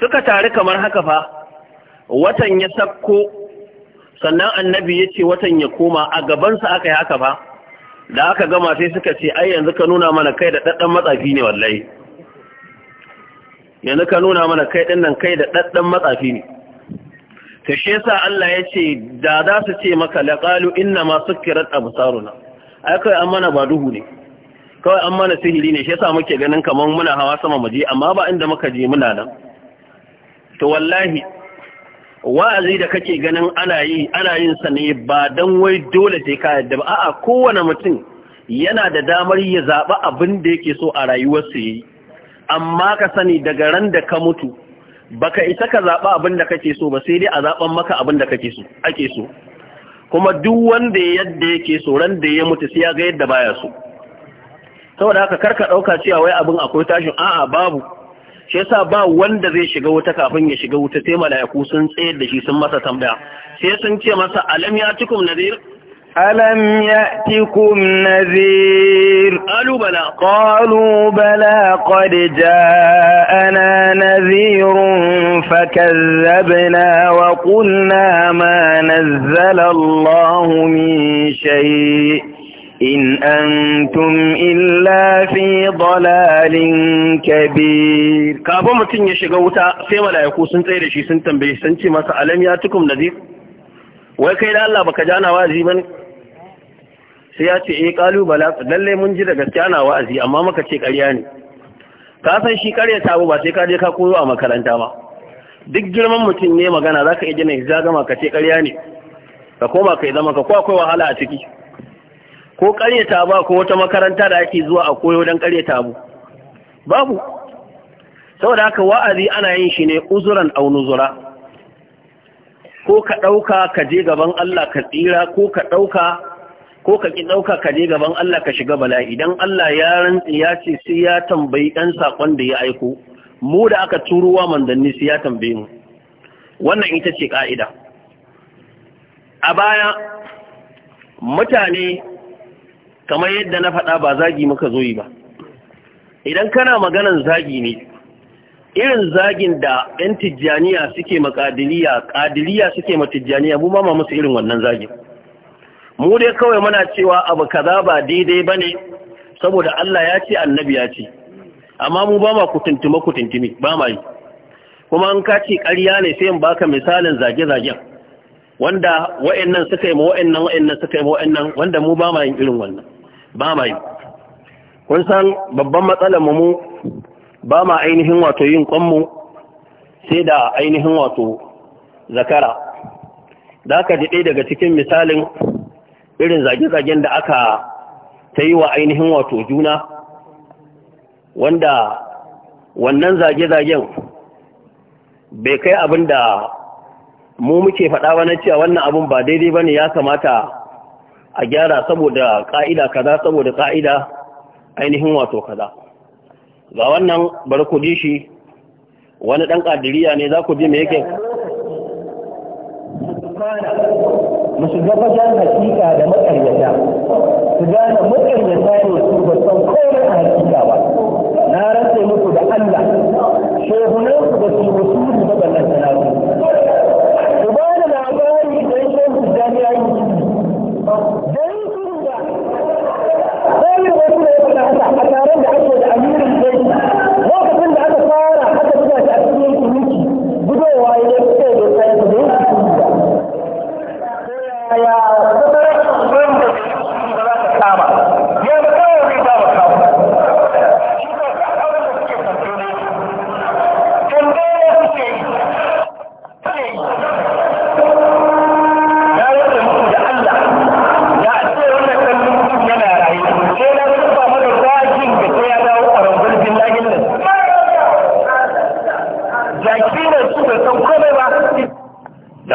suka tare kamar haka fa watan ya sakko sannan annabi ya ce watan ya koma a gabansa aka yi haka ba da aka gama sai suka ce ai yanzu ka nuna mana kai da ɗaɗɗan matsafi ne wallahi yanzu ka nuna mana kai ɗin nan kai da ɗaɗɗan matsafi ne ta shi yasa Allah ya ce da za su ce maka laƙalu inna ma sukkirat absaruna ai kai an mana ba duhu ne kawai an mana sihiri ne shi yasa muke ganin kamar muna hawa sama mu amma ba inda muka je muna nan to wallahi wa'azi da kake ganin ana yi ana yin sa ne ba dan wai dole sai ka yadda ba a'a kowane mutum yana da damar ya zaɓa abin da yake so a rayuwarsa yi amma ka sani daga ran da ka mutu baka isa ka zaɓa abin da kake so ba sai dai a zaɓan maka abin da kake so ake so kuma duk wanda yadda yake so ran da ya mutu sai ya ga yadda baya so saboda haka karka ɗauka cewa wai abin akwai tashin a'a babu shi yasa ba wanda zai shiga wuta kafin ya shiga wuta sai malaiku sun tsayar da shi sun masa tambaya sai sun ce masa alam ya'tikum nadhir alam ya'tikum nadhir alu bala qalu bala qad ja'ana nadhirun fakazzabna wa qulna ma nazzala Allahu min shay'in إن أنتم إلا في ضلال كبير كابو متين يشيغا وتا سي ملائكو سن تsaye da shi sun tambaye sun ce masa alam ya tukum nadir wai kai da Allah baka jana wa'azi bane sai ya ce eh kalu bala mun ji da gaskiya na wa'azi amma maka ce ƙarya ne ka san shi ƙarya ta ba sai ka je ka koyo a makaranta ma duk girman mutum ne magana zaka iya jina ka gama ka ce ƙarya ne ka koma kai zama ka ko akwai wahala a ciki ko ta ba ko wata makaranta da ake zuwa a koyo don ta mu, babu saboda haka wa'azi ana yin shi ne uzuran au nuzura ko ka ɗauka ka je gaban Allah ka tsira ko ka ɗauka ko ka ki ɗauka ka je gaban Allah ka shiga bala idan Allah ya rantsi ya ce sai ya tambayi ɗan saƙon da ya aiko mu da aka turuwa mandanni sai ya tambaye mu wannan ita ce ƙa'ida a baya mutane kamar yadda na faɗa ba zagi muka zo yi ba idan kana maganan zagi ne irin zagin da 'yan tijjaniya suke makadiliya ƙadiliya suke matijjaniya mu ma musu irin wannan zagin mu dai kawai muna cewa abu kaza ba daidai ba ne saboda Allah ya ce annabi ya ce amma mu ba ma kutuntuma kutuntumi ba ma yi kuma an ka ce ƙarya ne sai in baka misalin zage-zagen wanda wa'annan suka yi ma wa'annan wa'annan suka yi ma wa'annan wanda mu ba ma yin irin wannan ba yi kun san babban matsalar mu ba ma ainihin wato yin kwanmu sai da ainihin wato zakara da aka ji ɗaya daga cikin misalin irin zage-zagen da aka ta yi wa ainihin wato juna wanda wannan zage-zagen bai kai abin da mu muke faɗa na cewa wannan abin ba daidai ba ne ya kamata a gyara saboda ƙa'ida kaza saboda ƙa'ida ainihin wato kaza ga wannan bar ku ji shi wani ɗan ƙadiriya ne za ku ji mai yake mu shiga da su gane da Allah shehunan su ba da labari da yankin su jami'ai wannan wasu da ya faɗa haka a taron da ake da amirin gari lokacin da aka fara aka tuna shi a cikin kuliki gudowa ya yi kai da kai da ya fi kuka yaya kusurar sun da su kama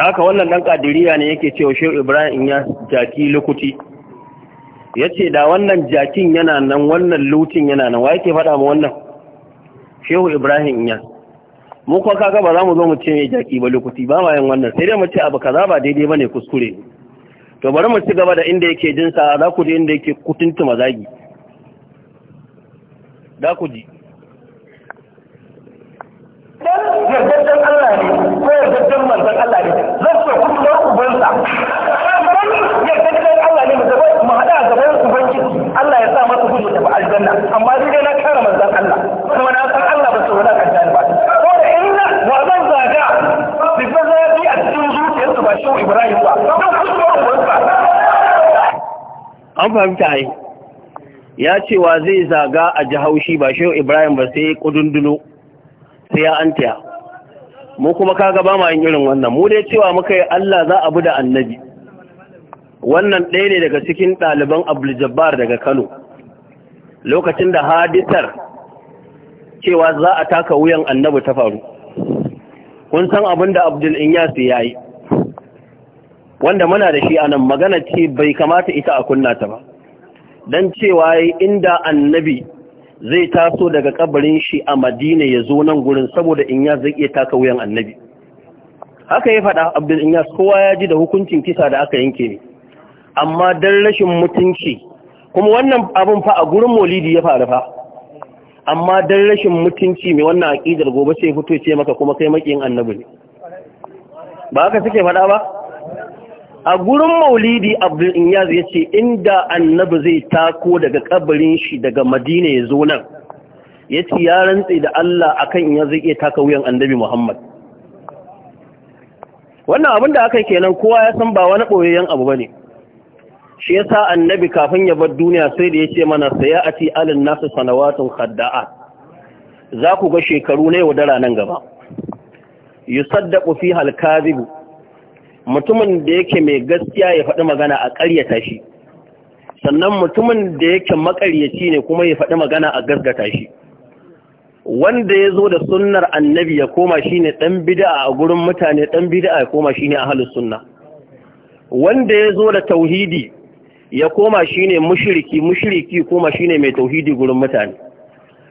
haka wannan dan kadiriya ne yake cewa shehu ibrahim ya jaki Lokuti, ya ce da wannan jakin yana nan wannan lutin yana nan wa yake faɗa ma wannan shehu ibrahim ya mu kuwa kaga ba za mu zo mu ce mai jaki ba Lokuti. ba ma yin wannan sai dai mu ce abu kaza ba daidai ba ne kuskure to bari mu ci gaba da inda yake jinsa za ku ji inda yake kutuntuma zagi da ku ji idan Allah ne ko yardaccen manzon Allah ne zan so kuma na ubansa idan yardaccen Allah ne mu zaba mu hada gaban ubangiji Allah ya sa masa gudu ta aljanna amma dai na kare manzan Allah kuma na san Allah ba su wala aljanna ba ko da inna wa zan zaga bi fa yi a cikin zuciyarsu ba shi Ibrahim ba don kuma ubansa an fahimta ai ya ce wa zai zaga a jihaushi ba shehu ibrahim ba sai kudundulo sai an mu kuma kaga ba ma yin irin wannan mu dai cewa muka yi Allah za a bi da annabi wannan ɗaya ne daga cikin ɗaliban Abdul Jabbar daga Kano lokacin da hadisar cewa za a taka wuyan annabi ta faru kun san abin da Abdul Inyas ya yi wanda muna da shi anan magana ce bai kamata ita a kunna ta ba dan cewa inda annabi zai taso daga kabarin shi a madina ya zo nan gurin saboda in ya zai iya taka wuyan annabi haka ya faɗa abdul inyas kowa ya ji da hukuncin kisa da aka yanke ne amma dan rashin mutunci kuma wannan abun fa a gurin maulidi ya faru fa amma dan rashin mutunci mai wannan aƙidar gobe sai fito ce maka kuma kai makiyin annabi ne ba aka suke faɗa ba a gurin maulidi abdul inyaz ya ce inda annabi zai tako daga kabarin shi daga madina ya zo nan ya ce ya rantse da allah akan ya zai iya taka wuyan annabi muhammad wannan abin da aka kenan kowa ya san ba wani ɓoyayyen abu ba ne shi ya sa annabi kafin ya bar duniya sai da ya ce mana saya a ti alin nasu sanawatun hadda'a za ku ga shekaru na yau yaudara nan gaba yi saddaƙo fi halkazibu mutumin da yake mai gaskiya ya faɗi magana a ƙaryata shi sannan mutumin da yake makaryaci ne kuma ya faɗi magana a gasgata shi wanda ya zo da sunnar annabi ya koma shi ne ɗan bida'a a gurin mutane ɗan bida'a ya koma shi ne a halin sunna wanda ya zo da tauhidi ya koma shi ne mushiriki mushiriki koma shi ne mai tauhidi gurin mutane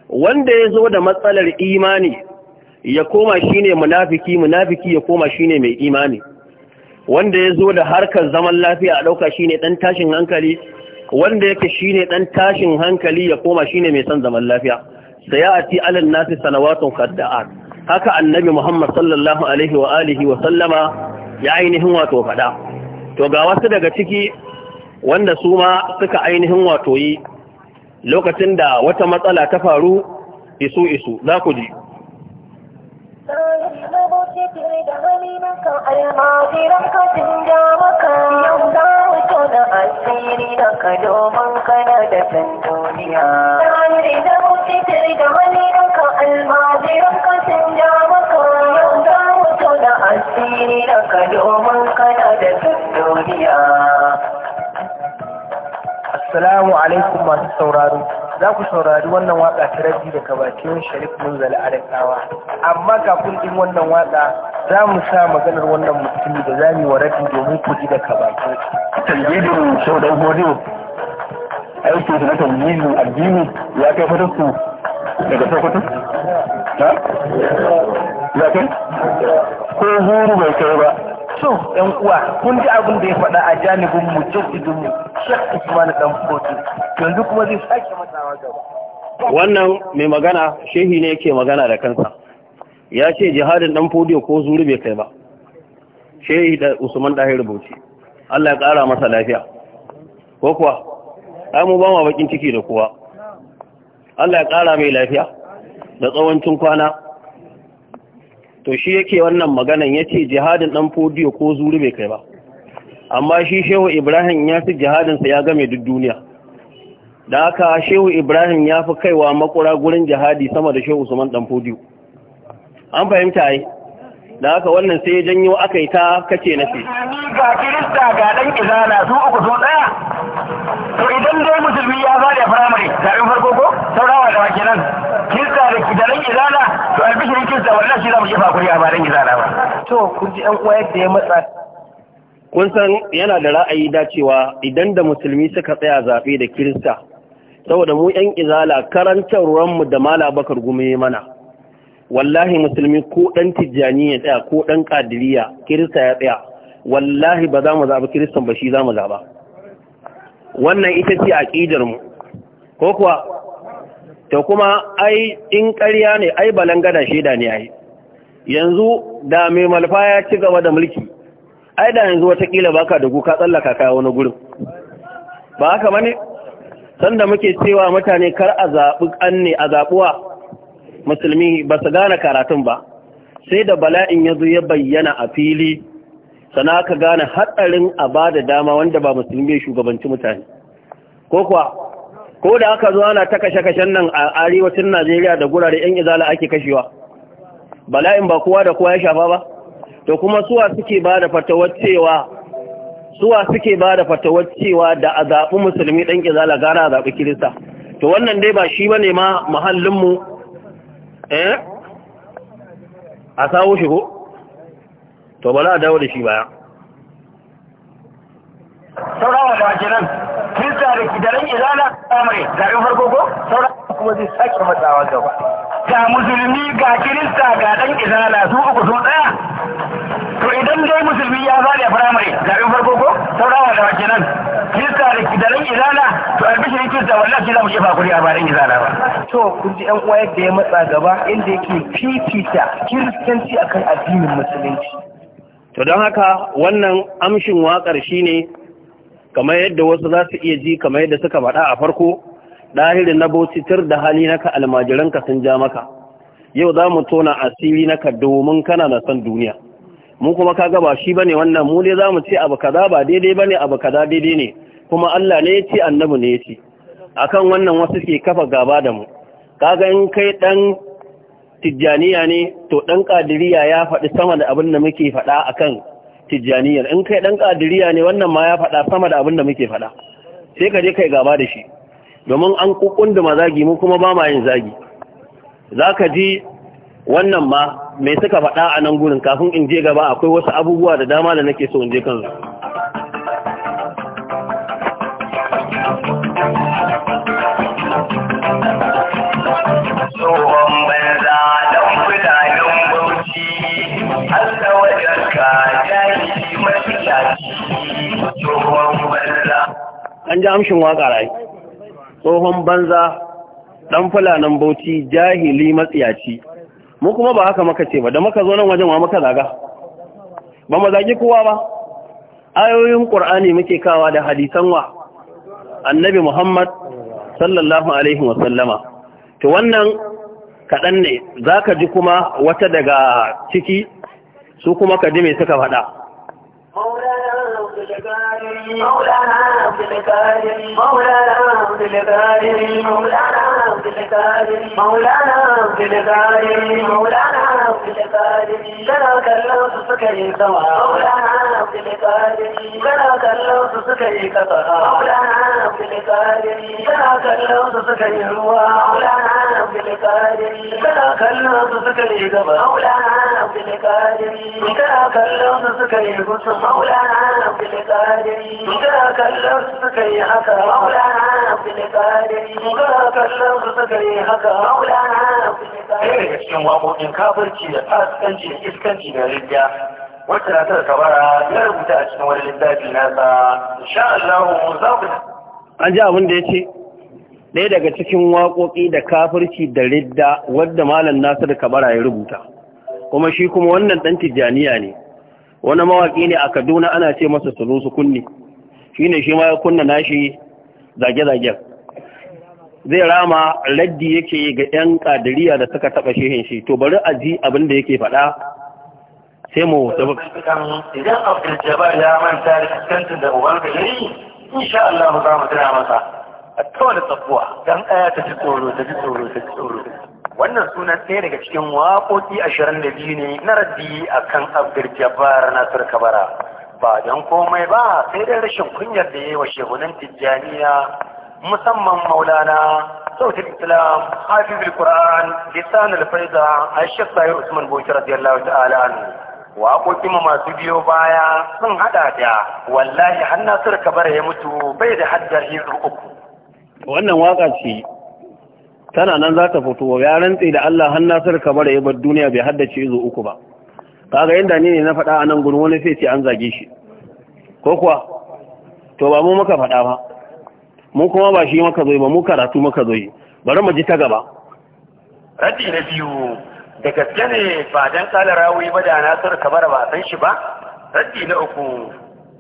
wanda ya zo da matsalar imani ya koma shi ne munafiki munafiki ya koma shi ne mai imani wanda ya zo da harkar zaman lafiya a ɗauka shi ne ɗan tashin hankali wanda yake shi ne ɗan tashin hankali ya koma shi ne mai son zaman lafiya da ya ati alin nasi sanawatun kadda'ar haka annabi muhammad sallallahu alaihi wa alihi wa sallama ya ainihin wato faɗa to ga wasu daga ciki wanda su ma suka ainihin wato yi lokacin da wata matsala ta faru isu isu za ku ji almajiran ka sun ja maka yau za mu tona asiri da ka domin kana da san duniya tsari da mutsitir da wani ka almajiran ka sun ja maka yau za mu tona asiri da ka domin kana da san duniya Assalamu alaikum masu sauraro. za ku saurari wannan waka ta rabbi da bakin sharif munzali arikawa amma kafin din wannan waka za mu sa maganar wannan mutumi da za mu wa rabbi domin ku ji da bakin tanjidin sau da godiyo aiki na tanjidin addini ya kai fata su daga sokoto ya kai ko zuru bai kai ba so ɗan uwa kun ji abin da ya faɗa a janibin mu jaddidin mu kuma na dan fotu yanzu kuma zai sake matsawa gaba wannan mai magana shehi ne yake magana da kansa ya ce jihadin dan fodiyo ko zuri bai kai ba shehi da usman dahir bauchi Allah ya ƙara masa lafiya ko kuwa ai mu ba mu bakin ciki da kowa Allah ya ƙara mai lafiya da tsawancin kwana to shi yake wannan maganan ya ce jihadin ɗan fodiyo ko zuri bai kai ba amma shi shehu ibrahim ya fi jihadinsa ya game duk duniya da haka shehu ibrahim ya fi kaiwa makura gurin jihadi sama da shehu usman ɗan fodiyo an fahimta yi da haka wannan sai ya janyo aka yi ta kace na fi to idan dai musulmi ya zare firamare zaɓen farko ko saurawa da wake nan kirista da kidaran izala to albishirin kirista wannan shi za mu kuri a ba dan izala ba to kun ji yan uwa yadda ya matsa kun san yana da ra'ayi dacewa idan da musulmi suka tsaya zaɓe da kirista saboda mu yan izala karantarwar mu da mala bakar gume mana wallahi musulmi ko dan tijjani ya tsaya ko dan kadiriya kirista ya tsaya wallahi ba za mu zaɓi kiristan ba shi za mu zaɓa wannan ita ce aqidar mu ko kuwa to kuma ai in ƙarya ne ai balangana sheda ne ai yanzu da mai malfa ya ci gaba da mulki ai da yanzu watakila baka da ka tsallaka kaya wani gurin ba haka bane sanda muke cewa mutane kar a zaɓi ƙanne a zaɓuwa musulmi ba su gane karatun ba sai da bala'in ya zo ya bayyana a fili sana aka gane hatsarin a ba da dama wanda ba musulmi shugabanci mutane ko kuwa ko da aka zo ana ta kashe-kashen nan a arewacin najeriya da gurare yan izala ake kashewa bala'in ba kowa da kowa ya shafa ba to kuma suwa suke ba da fatawar cewa suwa suke ba da fatawar cewa da a zaɓi musulmi ɗan izala gara a zaɓi kirista to wannan dai ba shi ba ne ma mahallinmu eh a sawo shi to ba a dawo da shi baya saurawa da wajenan kirista da kidaran izala amare da farko ko saurawa kuma zai sake matsawa gaba ga musulmi ga kirista ga ɗan izala su uku su ɗaya to idan dai musulmi ya zaɓe firamare zaɓen farko ko saurawa da wajenan kirista da kidaran izala to albishirin kirista wallahi shi za jefa kuri a bayan izala ba to kun ji yan uwa yadda ya matsa gaba inda yake fifita kiristanci akan addinin musulunci to don haka wannan amshin waƙar shi ne. kamar yadda wasu za su iya ji kamar yadda suka faɗa a farko ɗahirin na baucitar da hali naka almajiranka sun ja maka yau za mu tona asiri naka domin kana na son duniya mu kuma ka gaba shi ba ne wannan mu dai za mu ce abu kaza ba daidai ba ne abu kaza daidai ne kuma Allah ne ya ce annabi ne ya ce akan wannan wasu ke kafa gaba da mu kaga in kai ɗan. tijjaniya ne to ɗan ƙadiriya ya faɗi sama da abin da muke faɗa a kan tijjaniyar in kai ɗan ƙadiriya ne wannan ma ya faɗa sama da abin da muke faɗa sai ka je kai gaba da shi domin an kukun da zagi mu kuma ba ma yin zagi za ka ji wannan ma mai suka faɗa a nan gurin kafin in je gaba akwai wasu abubuwa da dama da nake so in je kansu tsohon banza an ji amshin waƙa rai tsohon banza ɗan fulanan bauchi jahili matsiyaci mu kuma ba haka maka ce ba da maka zo nan wajen wa maka zaga ba mu zagi kowa ba ayoyin ƙur'ani muke kawa da hadisan wa annabi muhammad sallallahu alaihi wasallama to wannan kaɗan ne za ka ji kuma wata daga ciki su kuma ka ji mai suka faɗa مولانا عبد الكارم مولانا عبد الكارم مولانا مولانا في الغالي مولانا في مولانا في مولانا في مولانا في مولانا في مولانا في مولانا في kusa gare haka maulana ɗaya daga cikin waƙoƙin kafirci da fasikanci da iskanci da rijiya wacce na ta kabara ya rubuta a cikin wani littafi nasa insha Allah za ku an ji abin da ya ce ɗaya daga cikin waƙoƙi da kafirci da ridda wadda malam nasir kabara ya rubuta kuma shi kuma wannan ɗan tijjaniya ne wani mawaƙi ne a kaduna ana ce masa su kunni shi ne shi ma ya kunna nashi zage-zagen zai rama raddi yake yi ga 'yan kadiriya da suka taɓa shehin shi to bari a ji abin da yake faɗa sai mu tafi idan abdul ya manta da fuskantar da uban da yayi insha Allah za mu tana masa a kawai tsakuwa dan aya ta ji tsoro ta ji tsoro ta ji tsoro wannan sunan ɗaya daga cikin waƙoƙi ashirin da biyu ne na raddi akan abdul jabbar nasir kabara ba don komai ba sai dai rashin kunyar da ya yi wa shehunan tijjaniya musamman maulana sautin islam hafizul qur'an lisan al-faiza ash-shaykh sayyid usman boki radiyallahu ta'ala anhu wa ma masu biyo baya sun hada da wallahi har nasir kabar ya mutu bai da haddar yin uku wannan waka ce tana nan za ta fito ya rantsi da Allah har nasir kabar ya bar duniya bai haddace hizu uku ba kaga yanda ne na faɗa a nan gurin wani sai ce an zage shi ko kuwa to ba mu muka faɗa ba mu kuma ba shi maka zo ba mu karatu maka zo bari mu ji ta gaba radi na biyu da gaske ne ba dan kala rawi ba da Nasir Kabara ba san shi ba radi na uku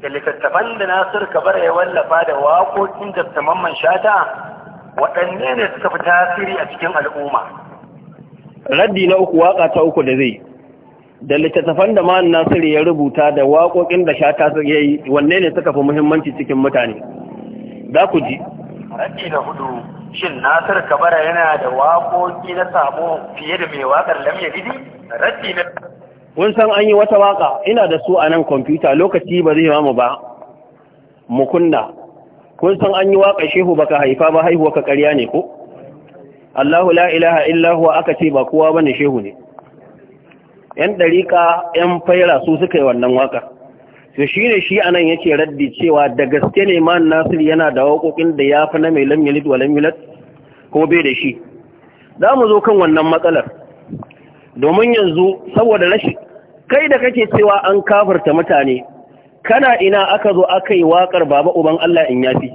da littattafan da Nasir Kabara ya wallafa da waƙoƙin da Mamman Shata waɗanne ne suka fi tasiri a cikin al'umma raddi na uku waƙa ta uku da zai da littattafan da ma'an Nasiru ya rubuta da waƙoƙin da Shata ya yi wanne ne suka fi muhimmanci cikin mutane za ku ji Raki da hudu shin nasir kabara yana da waƙoƙi na samu fiye da mai waƙar lamya gidi Raki na kun san an yi wata waƙa ina da su a nan kwamfuta lokaci ba zai mamu ba mu kun san an yi waƙa shehu baka haifa ba haihuwa ka ƙarya ne ko Allahu la ilaha illa aka ce ba kowa bane shehu ne yan ɗariƙa yan faira su suka yi wannan waƙar to shine shi anan yake raddi cewa da gaske ne man nasir yana da waƙoƙin da ya fi na mai lam wa ko bai da shi za mu zo kan wannan matsalar domin yanzu saboda rashin kai da kake cewa an kafarta mutane kana ina aka zo aka yi waƙar baba uban Allah in yafi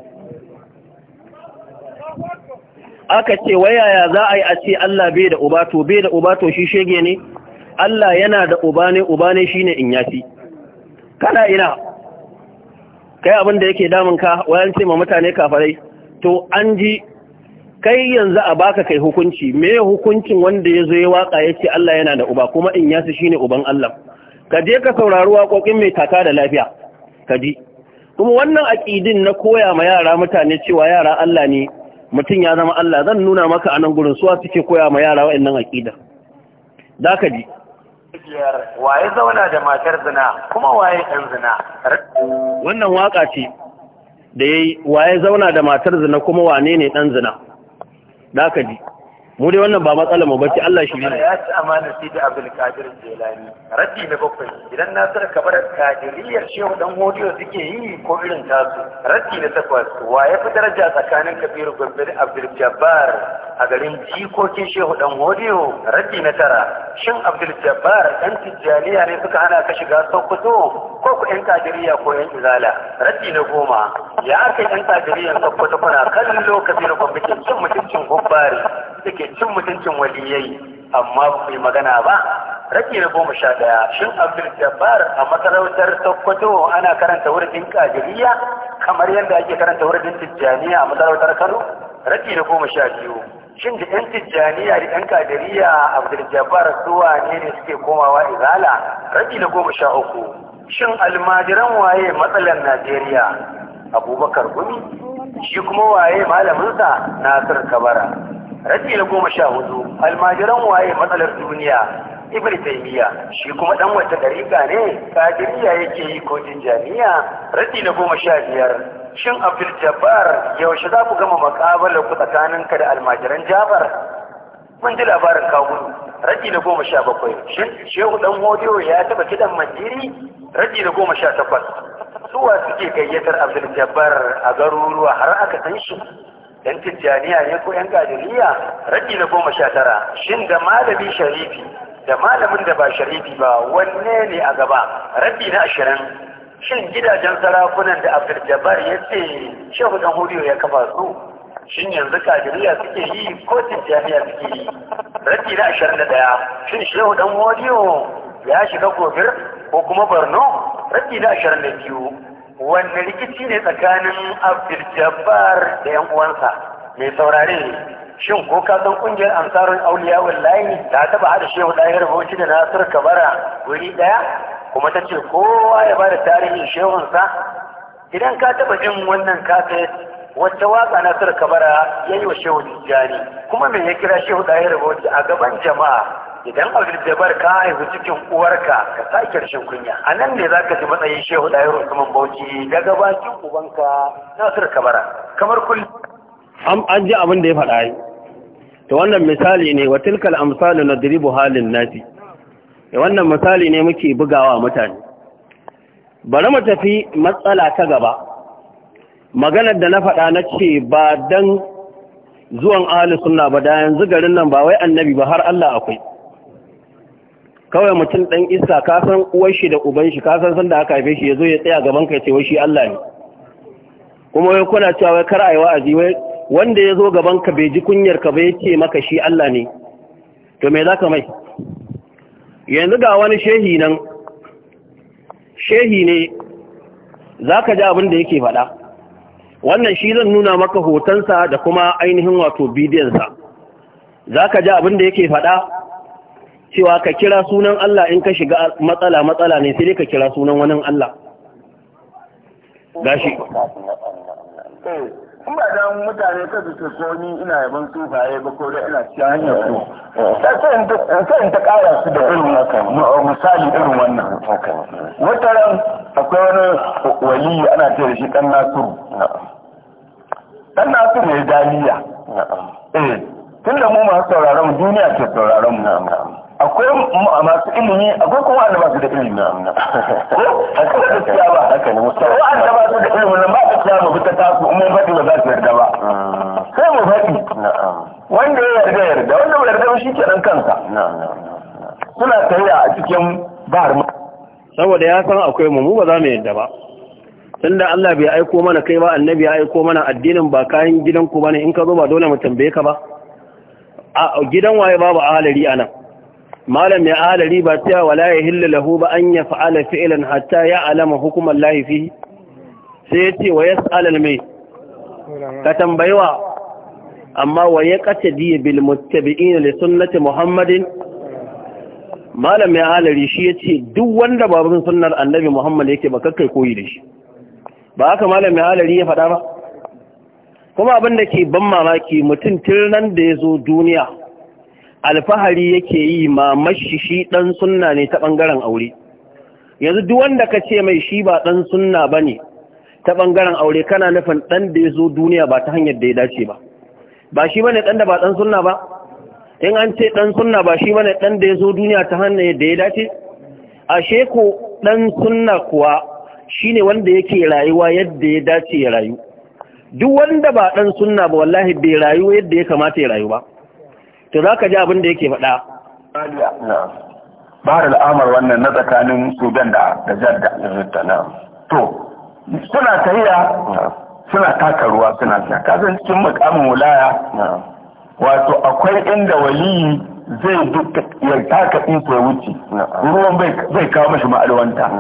aka ce wayaya za a yi a ce Allah bai da uba to bai da uba to shi shege ne Allah yana da uba ne uba ne shine in yafi kana ina kai abin da yake damun ka wayan ce ma mutane kafarai to an ji kai yanzu a baka kai hukunci me hukuncin wanda ya zo ya waka ya ce Allah yana da uba kuma in yasu shine uban Allah ka je ka saurari waƙoƙin mai taka da lafiya ka ji kuma wannan aƙidin na koya ma yara mutane cewa yara Allah ne mutum ya zama Allah zan nuna maka a nan gurin suwa suke koya ma yara wa'annan aƙida za ka ji biyar waye zauna da matar zina kuma waye ɗan zina wannan waka ce da yayi waye zauna da matar zina kuma wane ne ɗan zina da ka ji mu dai wannan ba matsala mu bace Allah shi ne ya ci amana sai da Abdul Qadir Jilani raddi na bakwai idan na tsara kabar kadiriyar shehu dan hodiyo suke yi ko irin tasu raddi na takwas wa ya fi daraja tsakanin Kabiru Gombe da Abdul Jabbar a garin jikokin shehu dan hodiyo raddi na tara shin Abdul Jabbar dan Tijjaniya ne suka hana ka shiga Sokoto ko ku yan kadiriya ko yan Izala raddi na goma ya aka yan kadiriyan Sokoto kana kallon Kabiru Gombe kin mutuncin gubbari suke cin mutuncin waliyai amma ba yi magana ba rake na goma sha ɗaya shin abdul jabbar a masarautar sokoto ana karanta wurin kajiriya kamar yadda ake karanta wurin tijjaniya a masarautar kano Raki na goma sha biyu shin da yan tijjaniya da yan kajiriya abdul jabbar suwa ne ne suke komawa izala rake na goma sha uku shin almajiran waye matsalar najeriya abubakar gumi shi kuma waye malaminsa nasir kabara rabi na goma sha hudu almajiran waye matsalar duniya ibn taymiya shi kuma dan wata dariƙa ne kadiriya yake yi ko jami'a? rabi na goma sha biyar shin abdul jabbar yaushe za ku gama makabalar ku tsakaninka da almajiran jabar mun ji labarin kawun rabi na goma sha bakwai shin shehu dan hodiyo ya taba kiɗan mandiri rabi na goma sha takwas suwa suke gayyatar abdul jabbar a garuruwa har aka san shi yan tijjaniya ne ko yan gajiriya rabi na goma sha tara shin da malami sharifi da malamin da ba sharifi ba wanne ne a gaba rabi na ashirin shin gidajen sarakunan da abdul ya ce shehu dan hudiyo ya kafa su shin yanzu gajiriya suke yi ko tijjaniya suke yi rabi na ashirin da ɗaya shin shehu dan hudiyo ya shiga gobir ko kuma borno rabi na ashirin da biyu wanda rikici ne tsakanin abdul jabbar da yan uwansa mai saurare ne. shin ko ka san kungiyar ansarun auliya wallahi ta taba hada shehu dahir bauchi da nasir kabara wuri daya kuma ta ce kowa ya bada tarihin shehunsa idan ka taba jin wannan kafe wata waka nasir kabara ya yi wa shehu jari. kuma me ya kira shehu dahir a gaban jama'a idan bar ka haihu cikin uwarka ka sa rashin kunya a nan ne za ka ji matsayin shehu yaro kuma bauchi daga bakin ubanka nasir kabara kamar kullum an ji abin da ya faɗa yi to wannan misali ne wa tilkal amsalu nadribu halin nasi wannan misali ne muke bugawa mutane bari mu tafi matsala ta gaba maganar da na faɗa na ce ba dan zuwan ahli sunna ba da yanzu garin nan ba wai annabi ba har Allah akwai kawai mutum ɗan iska ka san uwar shi da uban shi ka san sanda aka haife shi ya zo ya tsaya gaban ka ce wai shi Allah ne kuma wai kuna cewa wai kar a yi wa'azi wai wanda ya zo gaban ka bai ji kunyar ka ba ya ce maka shi Allah ne to me za ka mai yanzu ga wani shehi nan shehi ne za ka ji abin da yake faɗa wannan shi zan nuna maka hotonsa da kuma ainihin wato bidiyonsa za ka ji abin da yake faɗa cewa ka kira sunan Allah in ka shiga matsala matsala ne sai dai ka kira sunan wani Allah gashi kuma eh, da mutane ka su ko ni ina yaban sufaye ba ko da ina cikin hanyar su sai in ta kara su da irin haka misali irin wannan wata ran akwai wani wali ana ce da shi dan nasu dan nasu ne daliya eh tunda mu masu sauraron duniya ke sauraron mu akwai masu ilimi akwai kuma wanda masu da ilimi ko haka da gaskiya ba haka ne musamman wanda masu da ilimi nan ba ta tsaya mu ta tasu mu faɗi ba za su yarda ba sai mu faɗi wanda ya yarda yarda wanda bai yarda ba shi kenan kansa suna tayya a cikin bahar saboda ya san akwai mu mu ba za mu yarda ba Tun da Allah bai aiko mana kai ba annabi ya aiko mana addinin ba kayan gidanku ne, in ka zo ba dole mu tambaye ka ba a gidan waye babu ahalari anan malam ya alari ba cewa wala ya hillu lahu ba an ya fa'ala fi'lan hatta ya alama hukumar lahi sai ya ce wa yas'alal mai ka tambayi wa. amma wa ya kace diya bil muttabi'in li sunnati muhammadin malam ya alari shi ya ce duk wanda babun sunnar annabi muhammad yake ba kakkai koyi da shi ba haka malam ya alari ya faɗa ba kuma abin da ke ban mamaki mutum tirnan da ya zo duniya alfahari yake yi mamashi shi ɗan sunna ne ta ɓangaren aure yanzu duk wanda ka ce mai shi ba ɗan sunna ba ne ta ɓangaren aure kana nufin ɗan da ya zo duniya ba ta hanyar da ya dace ba ba shi ba ne ɗan da ba ɗan sunna ba in an ce ɗan sunna ba shi ba ne ɗan da ya zo duniya ta hanyar da ya dace a sheko ɗan sunna kuwa shi ne wanda yake rayuwa yadda ya dace ya rayu duk wanda ba ɗan sunna ba wallahi bai rayu yadda ya kamata ya rayu ba to za ka ji abin da yake faɗa bahar al'amar wannan na tsakanin sudan da jadda na to suna tahiya suna taka ruwa suna taka zan cikin makamin wulaya wato akwai inda waliyi zai duka ya taka iko ya wuce ruwan bai kawo mashi ma'alwanta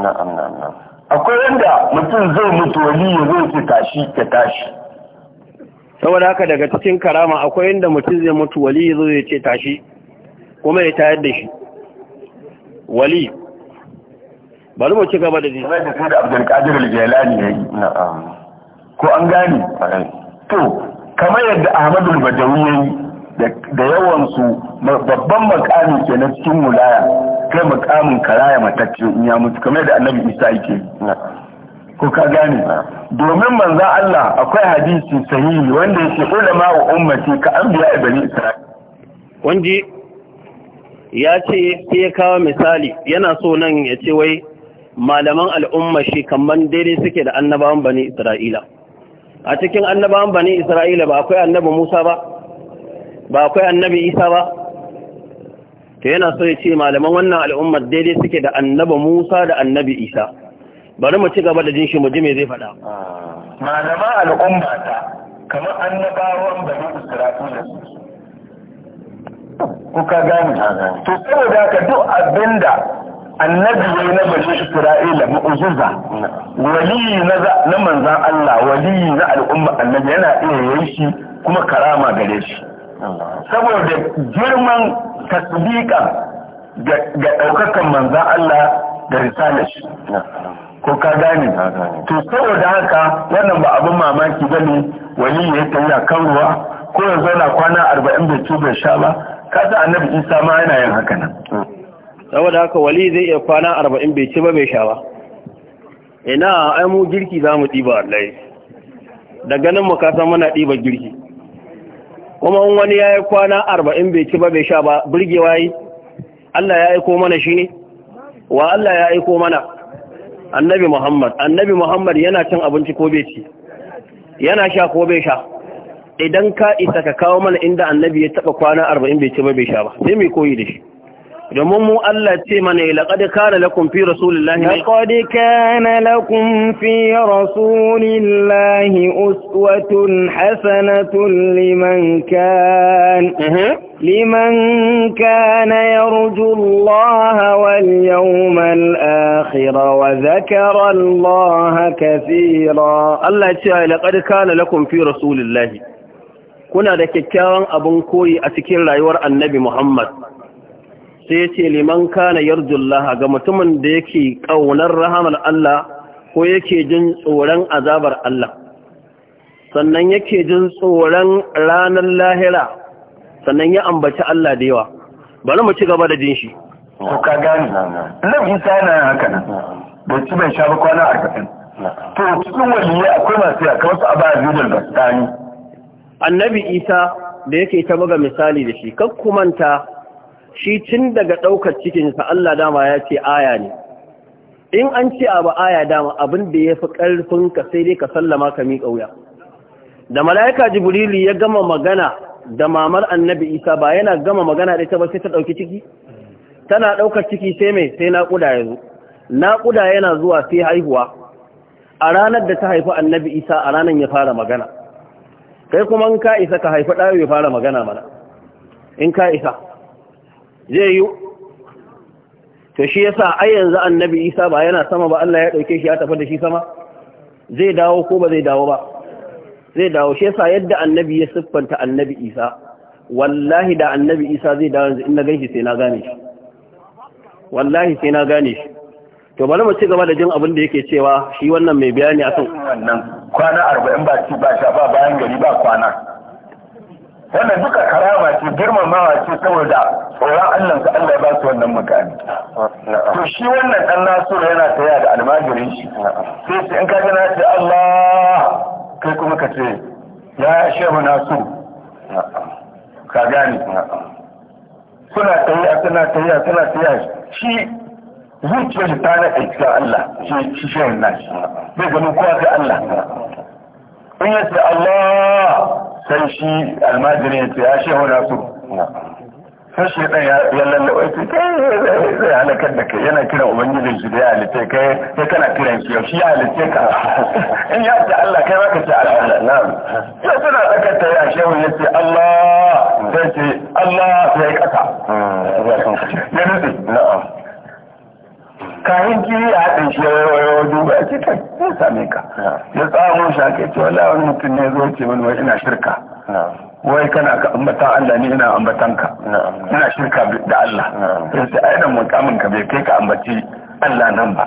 akwai inda mutum zai mutu waliyi zai ce tashi ya tashi saboda haka daga cikin karama akwai inda mutum zai mutu wali zo ya ce tashi kuma ya tayar da shi wali bari mu ci gaba da zai zai tafi da abdulkadir al-jailani ya yi ko an gane to kamar yadda ahmadu badawi ya yi da yawansu babban makami ke na cikin mulaya kai makamin karaya matacce in ya mutu kamar yadda annabi isa yake yi ko ka gane domin manza Allah akwai hadisi sahihi wanda yake ulama wa ummati ka anbiya ibani isra'il wanji ya ce sai ya kawo misali yana so nan ya ce wai malaman al'umma shi kaman daidai suke da annabawan bani isra'ila a cikin annabawan bani isra'ila ba akwai annabi musa ba ba akwai annabi isa ba to yana so ya ce malaman wannan al'ummar daidai suke da annabi musa da annabi isa bari mu ci gaba da jin shi mu ji me zai faɗa ah. malama al'umma ta kamar annabawan bani da ko ka gani to da ka duk abinda annabi yayi na bani isra'ila mu'jiza wali na manzan Allah wali na al'umma annabi yana iya yayi shi kuma karama gare shi saboda girman tasdiqa ga ɗaukakan manzan Allah da risalar shi ko ka gane to saboda haka wannan ba abin mamaki ba ne wani ya ta yi a kan ruwa ko ya zauna kwana arba'in bai ci bai sha ba kasa annabi isa ma yana yin haka nan saboda haka wali zai iya kwana arba'in bai ci ba bai sha ba ina ai mu girki za mu ɗiba allai da ganin mu san muna ɗiba girki kuma in wani ya yi kwana arba'in bai ci ba bai sha ba burgewa yi Allah ya aiko mana shi ne wa Allah ya aiko mana annabi Muhammad annabi Muhammad yana cin abinci ko bai ci yana sha ko bai sha idan ka isa ka kawo mana inda annabi ya taba kwana 40 bai ci ba bai sha ba sai mai koyi da shi domin mu Allah ce mana laqad kana lakum fi rasulillahi laqad kana lakum fi rasulillahi uswatun hasanatun liman mhm. kana لمن كان يرجو الله واليوم الآخر وذكر الله كثيرا الله تعالى لقد كان لكم في رسول الله كنا ذكي كان أبن كوي أتكين رأيور النبي محمد sai ce liman kana yarjullaha ga mutumin da yake kaunar rahamar Allah ko yake jin tsoron azabar Allah sannan yake jin tsoron ranar lahira sannan ya ambaci Allah da yawa bari mu ci gaba da jin shi to ka gani nan Isa yana haka nan da ci bai sha kwana a kafin to cikin ne akwai masu a wasu abazu da bastani annabi Isa da yake ta buga misali da shi kakkumanta shi tun daga ɗaukar cikinsa Allah dama ya ce aya ne in an ce abu aya dama abin da ya fi ƙarfin ka sai dai ka sallama ka miƙa wuya da mala'ika jibrilu ya gama magana da mamar annabi isa ba yana gama magana da ita ba sai ta ɗauki ciki tana ɗaukar ciki sai mai sai naƙuda ya zo naƙuda yana zuwa sai haihuwa a ranar da ta haifi annabi isa a ranar ya fara magana kai kuma in ka isa ka haifi ɗayo ya fara magana mana in ka isa zai yi to shi yasa ai yanzu annabi isa ba yana sama ba Allah ya dauke shi ya tafi da shi sama zai dawo ko ba zai dawo ba zai dawo shi yasa yadda annabi ya siffanta annabi isa wallahi da annabi isa zai dawo yanzu in na ganshi sai na gane shi wallahi sai na gane shi to bari mu ci gaba da jin abin da yake cewa shi wannan mai bayani akan wannan kwana 40 ba ci ba sha ba bayan gari ba kwana wannan duka karama ce girmamawa ce saboda tsoron Allah ka Allah ba su wannan mukami to shi wannan dan nasu yana taya da almajirin shi sai sai in ka ga nace Allah kai kuma ka ce ya shehu nasu ka gane. suna tayya suna tayya suna tayya shi zuciyar ta na cikin Allah shi shehu nashi Zai ganin kowa ga Allah in yace Allah sai shi almajiri ya ce ya shehu na su sai shi ɗan ya lallaɓa ya ce kai zai halakar da kai yana kiran ubangijin shi da ya halitta kai sai kana kiran shi yaushe ya halitta ka in ya ce Allah kai maka ce Allah na ya suna tsakar ta ya shehu ya ce Allah zai ce Allah sai ya kasa hmm. ya nufi na'am kayan kiri a haɗin shi ya duba ya ce kai ya same ka ya tsamo shi ce wala wani mutum ne zo ce mani wai ina shirka wai kana ka ambata Allah ne ina ambatan ka ina shirka da Allah ya ce ai mukamin ka bai kai ka ambaci Allah nan ba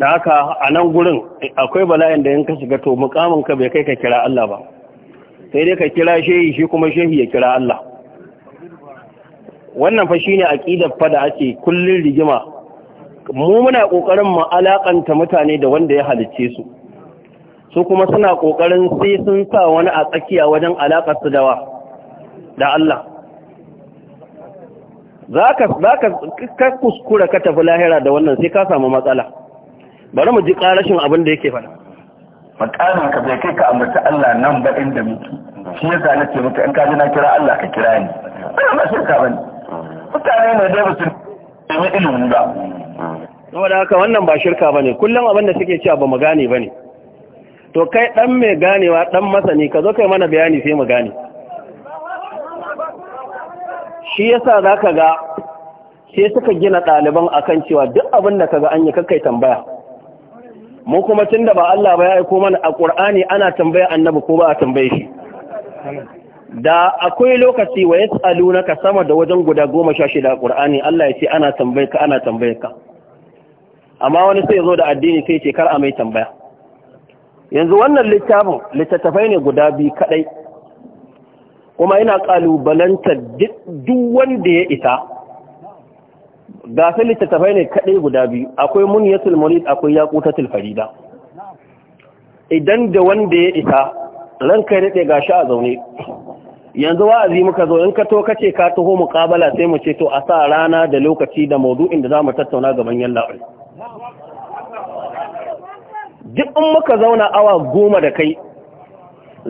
da haka a nan gurin akwai bala'in da yanka ka shiga to mukamin ka bai kai ka kira Allah ba sai dai ka kira shehi shi kuma shehi ya kira Allah wannan fa shine aqidar fa da ake kullun rigima mu muna ƙoƙarin mu alaƙanta mutane da wanda ya halicce su su kuma suna ƙoƙarin sai sun sa wani a tsakiya wajen alakar su dawa da Allah zaka ka kuskura ka tafi lahira da wannan sai ka samu matsala bari mu ji ƙarashin abin da yake faɗa makarin ka bai kai ka ambata Allah nan ba inda muke shi yasa nake ce maka in ka ji na kira Allah ka kira ni ana ba shirka bane mutane ne da ba su nemi ilimi ba da haka wannan ba shirka ba ne kullum abin da suke cewa ba mu gane ne. to kai dan mai ganewa dan masani ka zo kai mana bayani sai mu gane shi yasa ka ga sai suka gina ɗaliban akan cewa duk abin da ga an yi kakkai tambaya mu kuma tun da ba Allah ba ya aiko mana a ƙur'ani ana tambaya annabi ko ba a tambaye shi da akwai lokaci wa ka sama da wajen guda goma sha shida a ƙur'ani? Allah ya ce ana tambaye ka ana tambaye ka amma wani sai ya zo da addini sai ce kar a mai tambaya yanzu wannan littafin littattafai ne guda biyu kadai kuma ina kalubalanta duk wanda ya isa ga sai littattafai ne kadai guda biyu akwai muniyatul murid akwai yaqutatul farida idan da wanda ya isa ran kai dade gashi a zaune yanzu wa'azi muka zo in ka to kace ka taho muqabala sai mu ce to a sa rana da lokaci da maudu'in da zamu tattauna gaban yalla duk in muka zauna awa goma da kai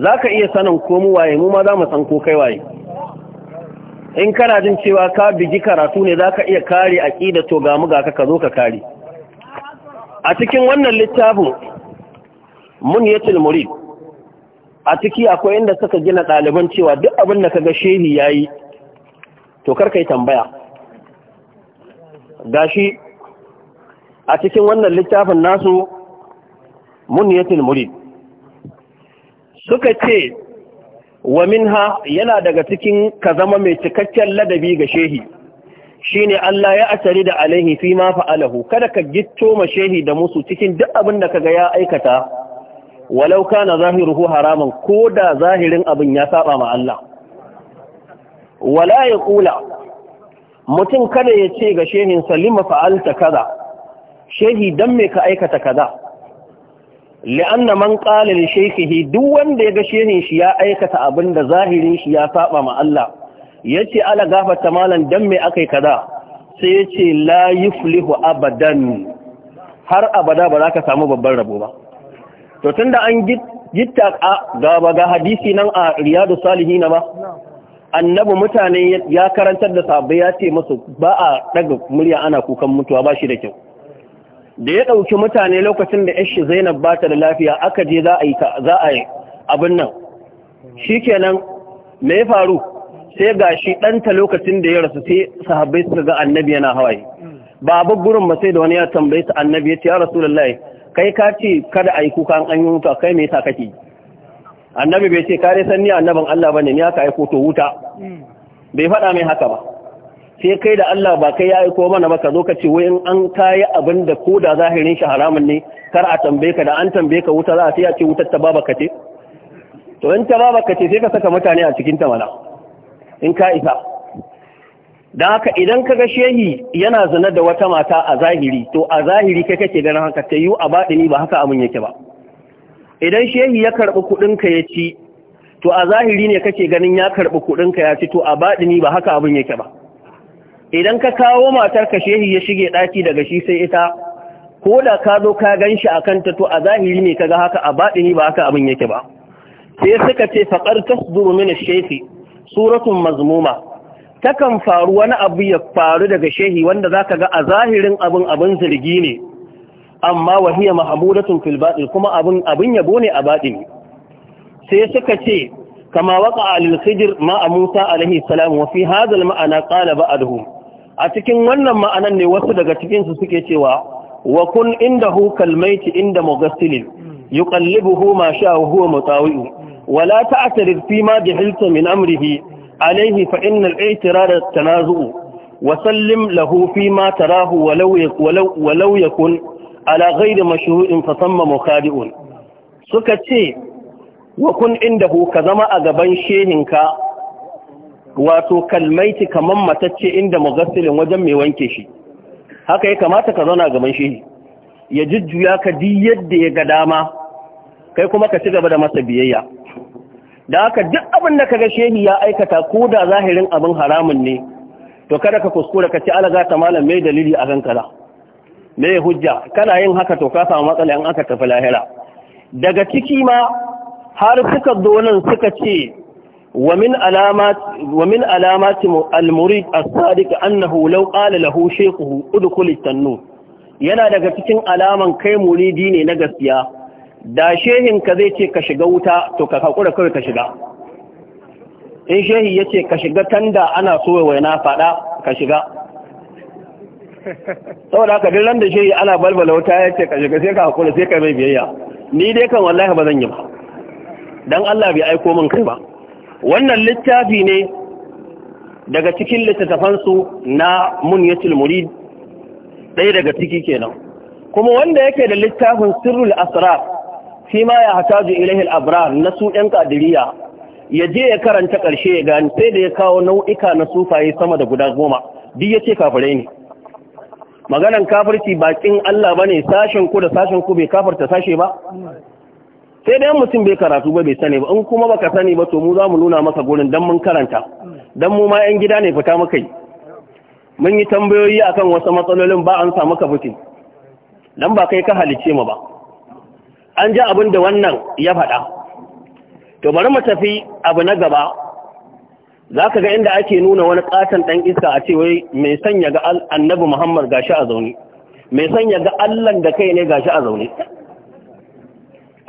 za ka iya sanin ko mu waye mu ma za mu san ko kai waye in kana jin cewa ka bigi karatu ne za ka iya kare aƙida to ga mu ga ka zo ka kare a cikin wannan littafin mun yatil murid a ciki akwai inda suka gina ɗaliban cewa duk abin da kaga shehi yayi to kar kai tambaya gashi a cikin wannan littafin nasu munyatul murid suka ce wa minha yana daga cikin ka zama mai cikakken ladabi ga shehi shine Allah ya asari da alaihi fi ma fa'alahu kada ka gitto ma shehi da musu cikin duk abin da kaga ya aikata walau kana zahiruhu haraman ko da zahirin abin ya saba ma Allah wala ya kula mutum kada ya ce ga shehin salima fa'alta kaza shehi dan me ka aikata kaza li'anna man qala duk wanda ya ga shehin shi ya aikata abin da zahirin shi ya saba ma Allah yace ala gafarta malam' dan me yi kaza sai yace la yuflihu abadan har abada ba za ka samu babban rabo ba to tunda an gitta ga ga hadisi nan a riyadu salihin ba annabi mutane ya karantar da sahabbai ya ce musu ba a daga murya ana kukan mutuwa ba shi da kyau da ya ɗauki mutane lokacin da yashi zainab ba ta da lafiya aka je za a yi abin nan shi kenan me ya faru sai ga shi ɗanta lokacin da ya rasu sai sahabbai suka ga annabi yana hawaye ba a gurin ba sai da wani ya tambayi su annabi ya ce ya rasu lallai, kai ka ce kada a yi kuka an yi mutu kai me yasa kake annabi bai ce kare san ni annabin Allah ne ni aka aiko to wuta hmm. bai faɗa mai haka ba sai kai da Allah ba kai ya aiko mana maka zo ka ce wai in an kayi abin da ko da zahirin shi haramun ne kar a tambaye ka da an tambaye ka wuta za a sai a ce wutar ta baba ka ce to in ta baba ka ce sai ka saka mutane a cikin ta mana in ka isa Da haka idan kaga shehi yana zina da wata mata a zahiri to a zahiri kai kake ganin haka ta yi a baɗini ba haka abin yake ba idan shehi ya karɓi kuɗinka ya ci to a zahiri ne kake ganin ya karɓi kuɗinka ya ci to a baɗini ba haka abin yake ba idan ka kawo matar ka shehi ya shige ɗaki daga shi sai ita ko da ka zo ka gan shi akan ta to a zahiri ne kaga haka a baɗini ba haka abin yake ba sai suka ce faƙar tasduru min shehi suratun mazmuma takan faru wani abu ya faru daga shehi wanda zaka ga a zahirin abin abin zargi ne amma wahiya mahmudatun fil batil kuma abin abin yabo ne a batini sai suka ce kama waqa alil khidr ma Musa alaihi salam wa fi hadha al ma'ana qala ba'dhum a cikin wannan ma'anan ne wasu daga cikinsu suke cewa wa kun indahu kalmaiti inda mugassilin yuqallibuhu ma sha huwa mutawi'u wala ta'tarid fi ma jahilta min amrihi alayhi fa inna al da tanazuu wa sallim lahu fi ma tarahu walau walau kun ala ghayri mashhu'in fa thamma mukhadi'un suka ce wa kun hu ka zama a gaban shehinka wato kalmaiti kamar matacce inda mugassilin wajen mai wanke shi haka ya kamata ka zauna gaban shi ya jujjuya ka di yadda ya ga dama kai kuma ka ci gaba da masa biyayya da haka duk abin da ka ga shehi ya aikata ko da zahirin abin haramun ne to kada ka kuskura ka ci alaga ta malam mai dalili a kan kaza me hujja kana yin haka to ka samu matsala in aka tafi lahira daga ciki ma har suka zo nan suka ce ومن علامات ومن علامات المريد الصادق انه لو قال له شيخه ادخل التنو yana daga cikin alaman kai muridi ne na gaskiya da shehin ka zai ce ka shiga wuta to ka hakura kawai ka shiga in shehi yace ka shiga tanda ana so waina fada ka shiga saboda haka dillan da shehi ana balbala wuta yace ka shiga sai ka hakura sai ka mai biyayya ni dai kan wallahi ba zan yi ba dan Allah bai aiko min kai ba wannan littafi ne daga cikin littattafansu na munyatul murid ɗaya daga ciki kenan kuma wanda yake da littafin sirrul asrar shi ma ya hataju ilahil abrar na su ɗan kadiriya ya je ya karanta ƙarshe ya gani sai da ya kawo nau'ika na sufaye sama da guda goma duk ya ce kafirai ne maganan kafirci bakin Allah bane sashen ku da sashen ku bai kafarta sashe ba sai dai mutum bai karatu ba bai sani ba in kuma baka sani ba to mu za mu nuna maka gurin dan mun karanta dan mu ma yan gida ne fita maka yi mun yi tambayoyi akan wasu matsalolin ba an samu ka fitin dan ba kai ka halice mu ba an ji abin da wannan ya faɗa to bari mu tafi abu na gaba za ka ga inda ake nuna wani ƙaton ɗan iska a ce wai mai sanya ga annabi muhammad gashi a zaune mai sanya ga allan da kai ne gashi a zaune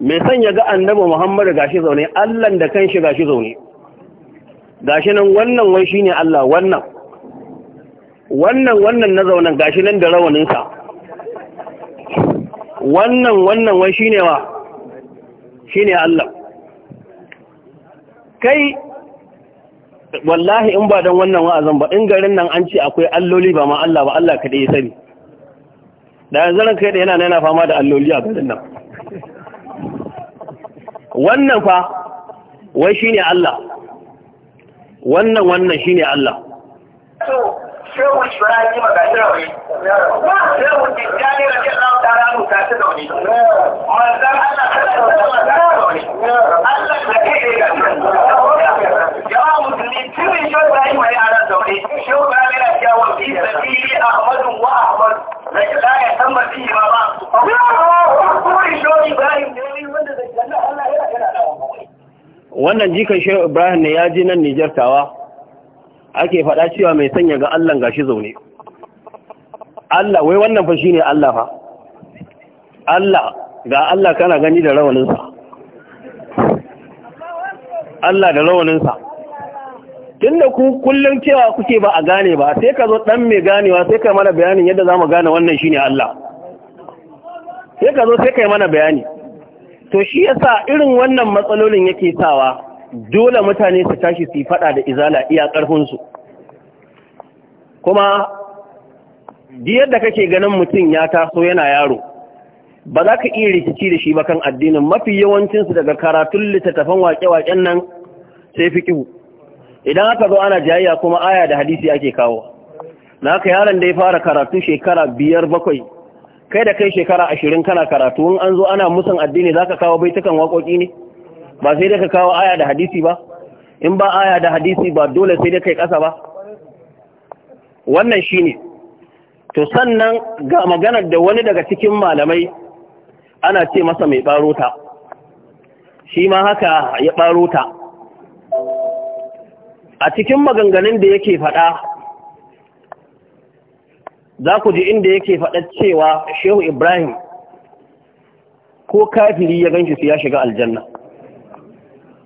mai son ya ga annabi Muhammadu gashi zaune Allan da kanshi gashi zaune gashi nan wannan wai ne Allah wannan wannan wannan na zaunan gashi nan da rawaninsa wannan wannan wai ne wa Shi ne Allah kai wallahi in ba don wannan wa'azan ba in garin nan an ce akwai alloli ba ma Allah ba Allah kaɗai ya sani da yanzu ran kai da yana yana fama da alloli a garin nan wannan fa wai shine Allah wannan wannan shine Allah shehu ibrahim ga shirawi shehu tijjani da ke ɗan tara mu ta ci zaune manzan allah ta ci zaune allah da ke ɗaya yawa musulmi cikin shehu ibrahim ya ana zaune shehu ibrahim yana cewa fi sabili ahmadu wa ahmad da ke la ya san mafi ma ba su kuma shehu ibrahim ne wanda da janna allah yana yana da wannan jikan shehu ibrahim ne ya ji nan nijar tawa ake faɗa cewa mai sanya ga Allah gashi zaune Allah wai wannan fa shi ne Allah fa Allah ga Allah kana gani da rawaninsa Allah da rawaninsa tunda ku kullum cewa kuke ba a gane ba sai ka zo dan mai ganewa sai ka mana bayanin yadda za mu gane wannan shi ne Allah sai ka zo sai ka yi mana bayani to shi yasa irin wannan matsalolin yake sawa dole mutane su tashi su faɗa da izala iya ƙarfinsu kuma yadda kake ganin mutum ya taso yana yaro ba za ka iya rikici da shi ba kan addinin mafi yawancinsu daga karatun littattafan waƙe-waƙen nan sai fi ƙihu idan aka zo ana jayayya kuma aya da hadisi ake kawo na haka yaron da ya fara karatu shekara biyar bakwai kai da kai shekara ashirin kana karatu in an zo ana musan addini za ka kawo baitukan waƙoƙi ne ba sai da ka kawo aya da hadisi ba in ba aya da hadisi ba dole sai da kai ƙasa ba wannan shine to sannan ga maganar da wani daga cikin malamai ana ce masa mai ɓarota shi ma haka ya ɓarota a cikin maganganun da yake faɗa za ku ji inda yake faɗa cewa shehu ibrahim ko kafiri ya ganshi su ya shiga aljanna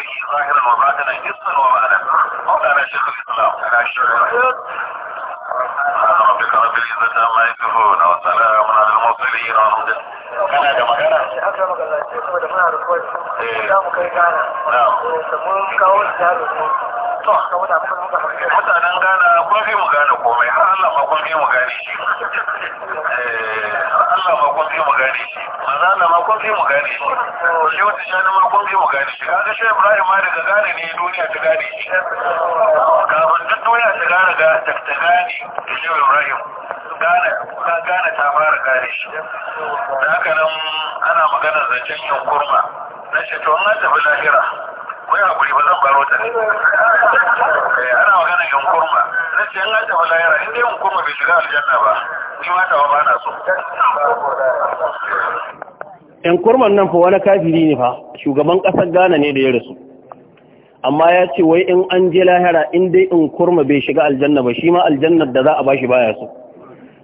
أمره ظاهرا وباطنا جسا ومعنا مولانا شيخ الإسلام سبحان ربك رب العزة عما يصفون وسلام على المرسلين والحمد kana da magana? Haka magana ce saboda muna da kawai. Eh. Za mu kai gana. Na'am. Mun kawo da mutanen gana kun fi mu gane komai har Allah ma kun fi mu gane shi eh, Allah ma kun fi mu gane shi manzana ma kun fi mu gane shi shi wata shani ma kun fi mu gane shi kaga shi Ibrahim ma daga gane ne duniya ta gane shi kafin duk duniya ta gane ga ta gane shi Ibrahim gane ta gane ta fara gane shi da haka nan ana maganar zancen yin kurma na ce to an tafi lahira yi hakuri ba zan ta ne ana magana na ce bai shiga aljanna ba ni ma ba na so yankurman nan fa wani kafiri ne fa shugaban kasar Ghana ne da ya rasu amma ya ce wai in an je lahira in dai in kurma bai shiga aljanna ba shi ma aljannar da za a bashi baya so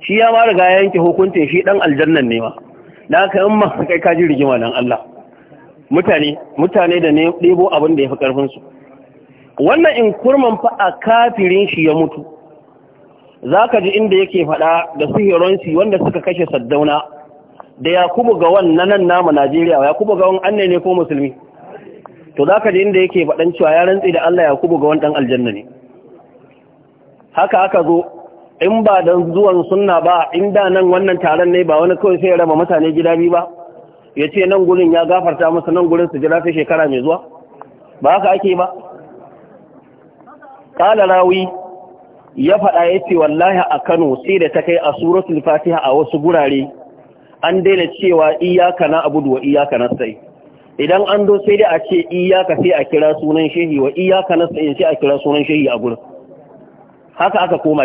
shi ya ma riga yanke hukuncin shi dan aljannan ne ma da haka in ma kai ka ji rigima dan Allah mutane mutane da ne ɗebo abin da ya fi ƙarfinsu wannan in kurman fa a kafirin shi ya mutu za ka ji inda yake faɗa da su wanda suka kashe saddauna da yakubu ga wannan nan namu najeriya yakubu ga wani anne ne ko musulmi to za ka ji inda yake faɗan cewa ya rantse da allah yakubu ga wani ɗan aljanna ne haka aka zo in ba don zuwan sunna ba in da nan wannan taron ne ba wani kawai sai ya raba mutane gida biyu ba ya ce nan gurin ya gafarta musu nan gurin su jira sai shekara mai zuwa ba haka ake ba ƙala rawi ya faɗa ya ce wallahi a kano sai da ta kai a suratul fatiha a wasu gurare an daina cewa iyaka na abudu wa iyaka na sai idan an zo sai dai a ce iyaka sai a kira sunan shehi wa iyaka na sai sai a kira sunan shehi a gurin haka aka koma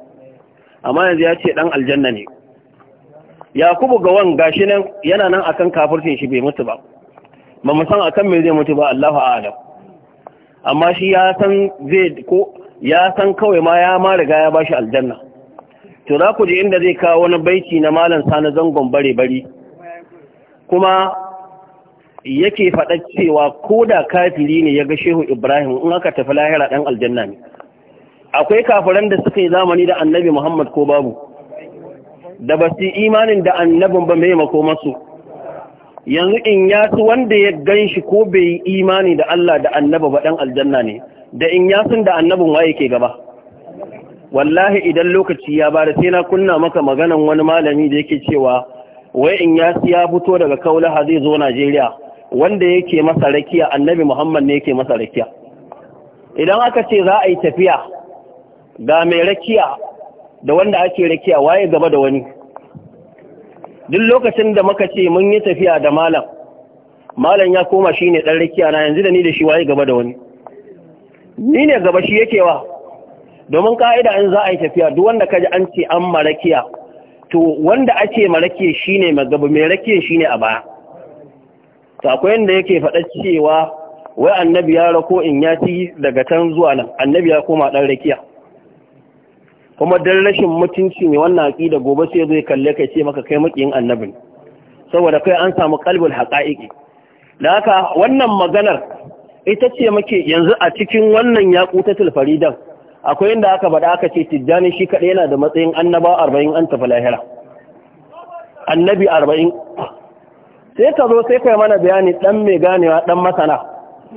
amma yanzu ya ce dan aljanna ne yakubu gawan gashi nan yana nan akan kafircin shi bai mutu ba ba mu san akan me zai mutu ba Allahu a'lam amma shi ya san zai ko ya san kawai ma ya ma riga ya bashi aljanna to za ku je inda zai kawo wani baiti na malam sani zangon bare bare kuma yake faɗa cewa ko da kafiri ne ya ga shehu ibrahim in aka tafi lahira dan aljanna ne akwai kafiran da suka yi zamani da annabi Muhammad ko babu da ba su imanin da annabin ba mai masu. yanzu in ya su wanda ya gan shi ko bai yi imani da Allah da annaba ba ɗan aljanna ne da in ya sun da annabin waye ke gaba wallahi idan lokaci ya bada sai na kunna maka maganan wani malami da yake cewa wai in ya ya fito daga kaulaha zai zo Najeriya wanda yake masa rakiya annabi Muhammad ne yake masa rakiya idan aka ce za a yi tafiya ga mai rakiya da wanda ake rakiya waye gaba da wani duk lokacin da muka ce mun yi tafiya da malam malam ya koma shi ne dan rakiya na yanzu da ni da shi waye gaba da wani ni ne gaba shi yake wa domin ka'ida in za a yi tafiya duk wanda kaji an ce an marakiya to wanda ake marake shi ne magaba mai rakiya shi ne a baya to akwai yadda yake faɗa cewa wai annabi ya rako in ya ci daga can zuwa nan annabi ya koma dan rakiya kuma dan rashin mutunci ne wannan aqida gobe sai zai kalle kai ce maka kai makiyin annabi saboda kai an samu qalbul haqa'iqi da haka wannan maganar ita ce muke yanzu a cikin wannan yaqutatul faridan akwai inda aka bada aka ce tijjani shi kadai yana da matsayin annaba 40 an tafi lahira annabi 40 sai ka zo sai kai mana bayani dan mai ganewa dan masana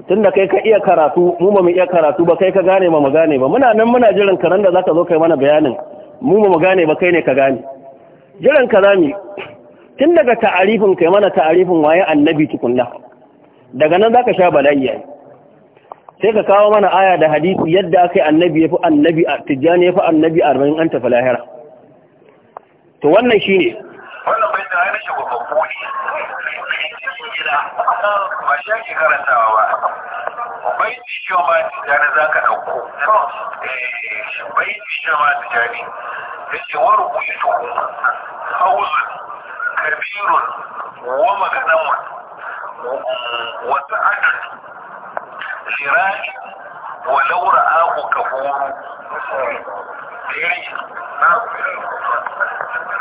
tunda kai ka iya karatu mu ba mu iya karatu ba kai ka gane ba mu gane ba muna nan muna jiran karan da zaka zo kai mana bayanin mu ba mu gane ba kai ne ka gane jiran ka zami tun daga ta'arifin kai mana ta'arifin waye annabi tukunna daga nan zaka sha bala'i sai ka kawo mana aya da hadisi yadda akai annabi yafi annabi tijani yafi annabi a an tafi lahira to wannan shine wannan bai da ainihin ko gida ba shi ake karantawa ba baiti shoma tijjani za ka ɗauko eh, baiti shoma tijjani ya ku yi rubutu hauzun kabirun wa maganamun wata adun lirani wa laura aku kaburu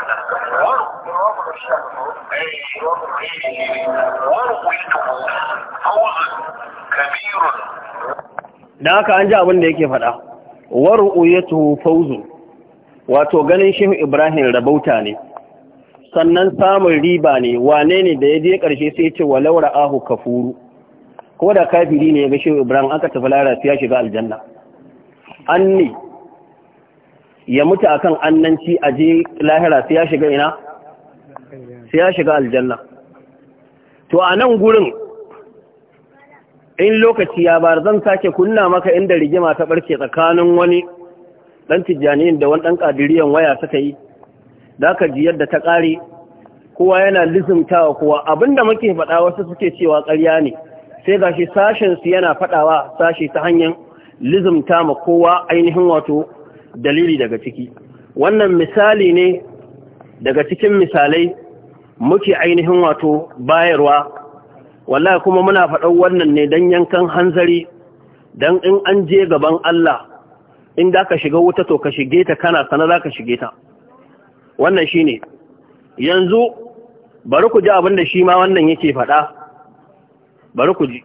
da haka an ji abin da yake faɗa waru uyatu fawzun wato ganin shehu ibrahim rabauta ne sannan samun riba ne wane ne da ya je ƙarshe sai ce wa laura ahu kafuru ko da kafiri ne ya ga shehu ibrahim aka tafi lara ya shiga aljanna anni ya mutu a kan annanci a je lahira sai ya shiga ina sai ya shiga aljanna to a nan gurin in lokaci ya bar zan sake kunna maka inda rigima ta barke tsakanin wani dan tijjaniyin da wani dan kadiriyan waya suka yi da ka ji yadda ta kare kowa yana lizumtawa kowa abinda muke faɗa wasu suke cewa karya ne sai gashi sashen su yana faɗawa sashi ta hanyar lizimta ma kowa ainihin wato dalili daga ciki wannan misali ne daga cikin misalai muke ainihin wato bayarwa wallahi kuma muna faɗan wannan ne don yankan hanzari don in an je gaban Allah in da ka shiga wuta to ka shige ta kana sana za shige ta wannan shi ne yanzu bari ku ji abin da shi ma wannan yake faɗa bari ku ji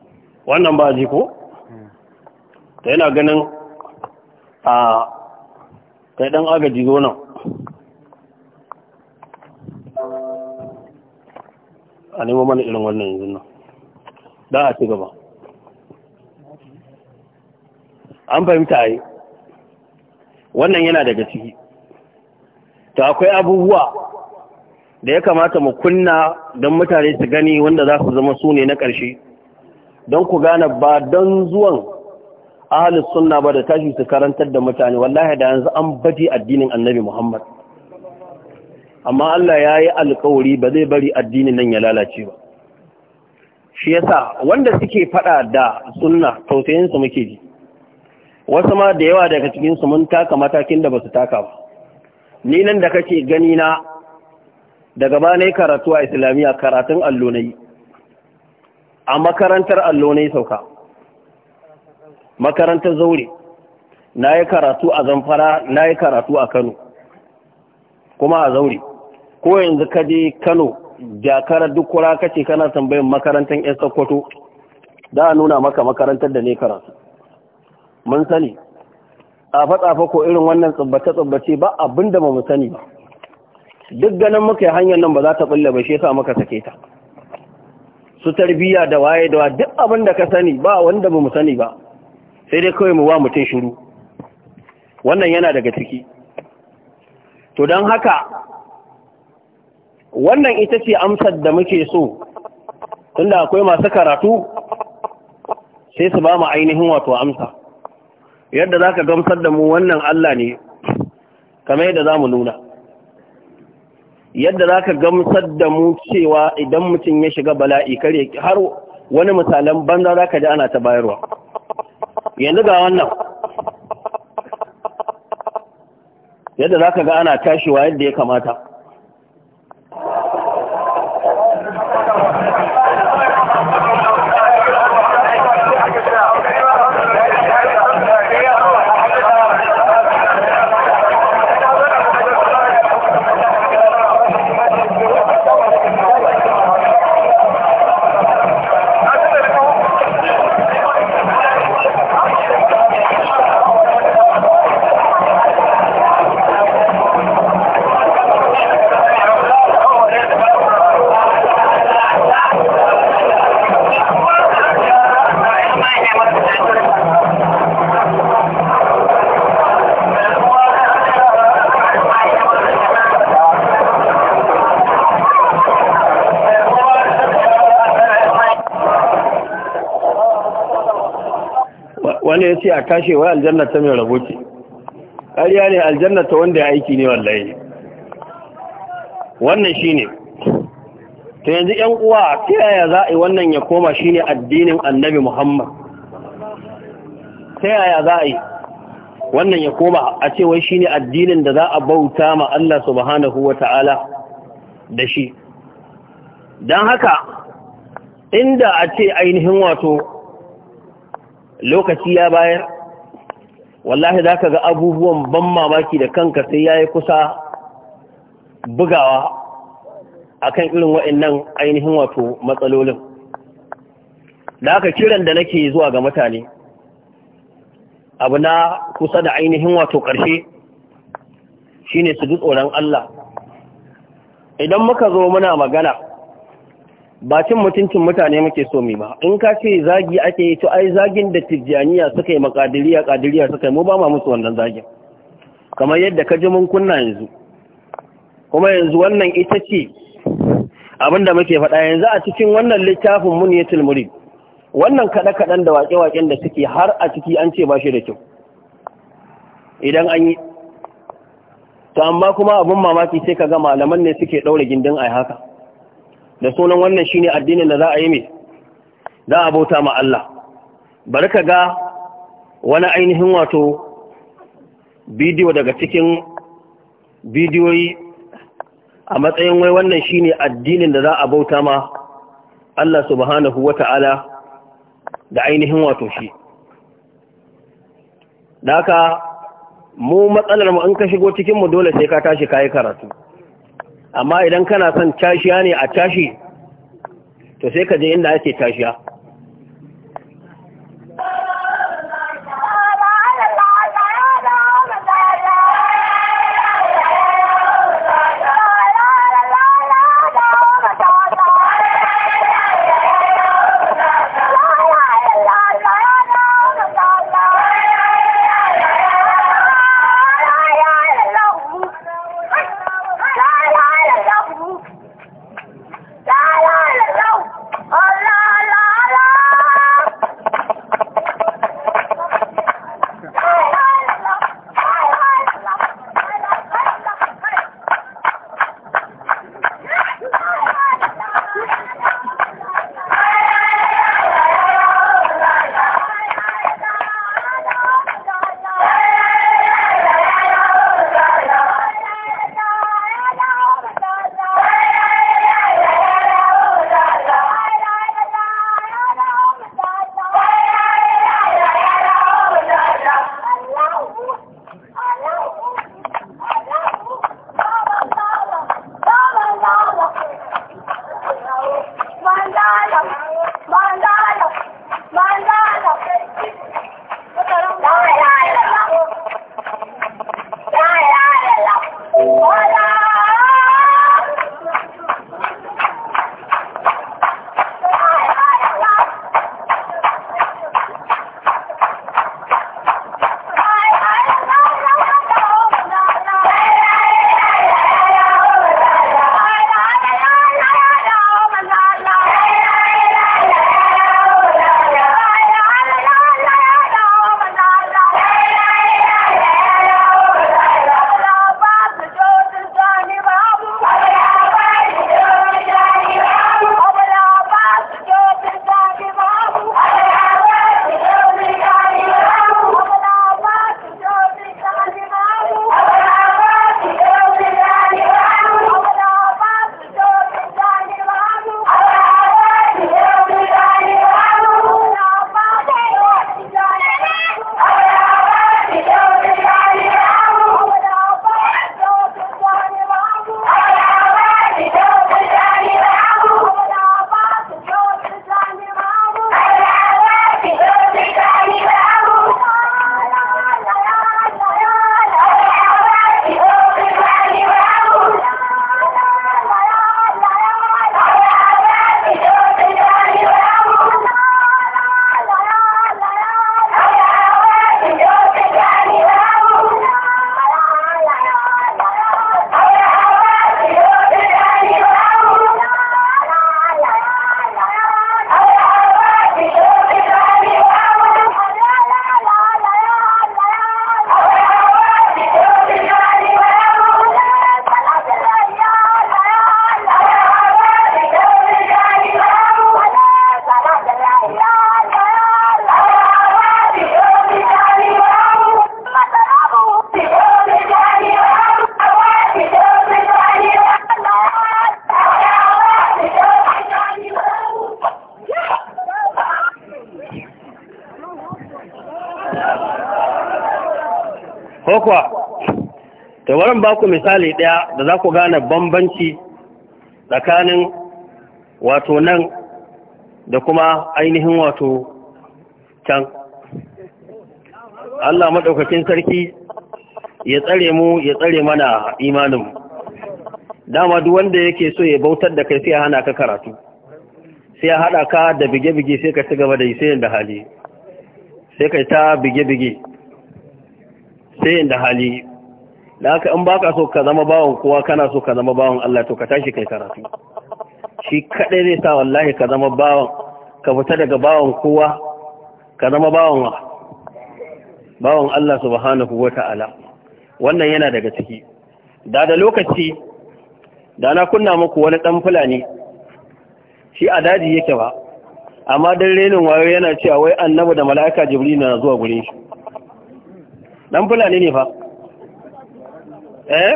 wannan ba ji ko ta yana ganin a kai dan agaji zo nan a nemo mana irin wannan yanzu nan da a ci gaba an fahimta a yi wannan yana daga ciki ta akwai abubuwa da ya kamata mu kunna don mutane su gani wanda za su zama su ne na ƙarshe don ku gane ba don zuwan ahalus suna ba da tashi su karantar da mutane wallahi da yanzu an baje addinin annabi Muhammad amma Allah ya yi alkawari ba zai bari addinin nan ya lalace ba shi yasa wanda suke fada da suna tausayinsu muke ji wasu ma da yawa daga cikinsu mun taka matakin da ba su taka ba ni nan da kake gani na daga ba na yi karatu a islamiyya karatun allo na a makarantar allo ne sauka makarantar zaure na yi karatu a zamfara na yi karatu a kano kuma a zaure ko yanzu ka je kano jakara duk kura ce kana tambayin makarantar yan sokoto da a nuna maka makarantar da ne karatu mun sani tsafa-tsafa ko irin wannan tsabbace-tsabbace ba abin da ba mu sani ba duk ganin muka yi hanyar nan ba za ta bulle ba shi yasa muka sake ta su tarbiyya da waye da duk abin da ka sani ba wanda ba mu sani ba sai dai kawai mu ba mutum shiru wannan yana daga ciki to don haka wannan ita ce amsar da muke so tunda akwai masu karatu sai su ba mu ainihin wato amsa yadda za ka gamsar da mu wannan Allah ne kamar yadda za mu nuna yadda za ka gamsar da mu cewa idan mutum ya shiga bala'i kare har wani misalan banza za ka ji ana ta bayarwa yanzu ga wannan yadda za ka ga ana tashiwa yadda ya kamata wanda ya ce a kashe wai aljanna ta mai rabo ce ƙarya ne aljanna ta wanda ya aiki ne wallahi wannan shi ne. Ta yanzu 'yan uwa ta yaya za a yi wannan ya koma shi ne addinin annabi muhammad ta yaya za a yi wannan ya koma a ce wai ne addinin da za a bauta ma Allah subhanahu da shi don haka inda a ce ainihin wato lokaci ya bayar wallahi za ka ga abubuwan ban mamaki da kanka sai ya yi kusa bugawa a kan irin waɗannan ainihin wato matsalolin da aka kiran da nake zuwa ga mutane abu na kusa da ainihin wato ƙarshe shine su ji tsoron Allah idan muka zo muna magana ba cin mutuncin mutane muke so mi ba in ka ce zagi ake yi to ai zagin da tijjaniya suka yi makadiriya kadiriya suka yi mu ba ma musu wannan zagin kamar yadda ka ji mun kunna yanzu kuma yanzu wannan ita ce abin da muke faɗa yanzu a cikin wannan littafin mun ya tilmuri wannan kaɗe-kaɗen da waƙe-waƙen da suke har a ciki an ce ba shi da kyau idan an yi to amma kuma abin mamaki sai ka ga malaman ne suke ɗaure gindin a haka da sunan wannan shine addinin da za a yi mai za a bauta ma Allah bari ka ga wani ainihin wato bidiyo daga cikin bidiyoyi a matsayin wai wannan shine addinin da za a bauta ma Allah subhanahu wata'ala da ainihin wato shi da mu matsalar mu in ka shigo cikin mu dole sai ka tashi kayi karatu amma idan kana son tashiya ne a tashi to sai ka je inda ake tashiya kuwa ta warin ba ku misali ɗaya da za ku gane bambanci tsakanin wato nan da kuma ainihin wato can Allah maɗaukakin sarki ya tsare mu ya tsare mana imanin dama duk wanda yake so ya bautar da kai sai hana ka karatu sai ya haɗa ka da bige-bige sai ka ci gaba da yi sai da hali sai ka ta bige-bige sai in hali da haka in baka so ka zama bawan kowa kana so ka zama bawan Allah to ka tashi kai karatu shi kadai zai sa wallahi ka zama bawan ka fita daga bawan kowa ka zama bawan wa bawan Allah subhanahu wata'ala wannan yana daga ciki da da lokaci da na kunna muku wani dan fulani shi a daji yake ba amma dan renin wayo yana cewa wai annabi da mala'ika jibril na zuwa gurin shi dan fulani ne fa eh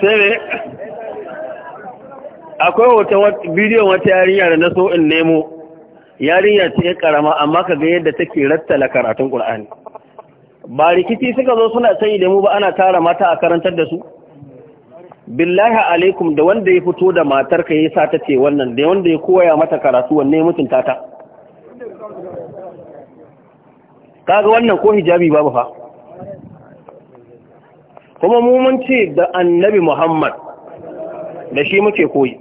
sai akwai wata bidiyon wata yarinya da na so in nemo yarinya ce ya karama amma ka ga yadda take rattala karatun Qur'ani ba rikici suka zo suna sai da mu ba ana tara mata a karantar da su billahi alaikum da wanda ya fito da matar ka yasa ta ce wannan da wanda ya koya mata karatu wanne mutunta ta kaga wannan ko hijabi babu fa kuma mu mun ce da annabi Muhammad da shi muke koyi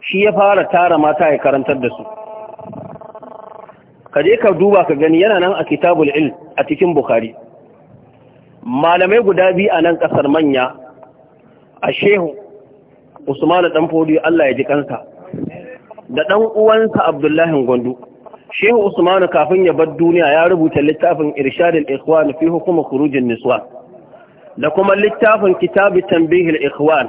shi ya fara tara mata ya karantar da su kaje ka duba ka gani yana nan a kitabul ilm a cikin bukhari malamai guda biyu a nan kasar manya a shehu usman dan fodi Allah ya ji kansa da dan uwansa abdullahi gondu shehu usmanu kafin ya bar duniya ya rubuta littafin irshadul ikhwan fi hukum khurujin niswa da kuma littafin kitab tanbihil ikhwan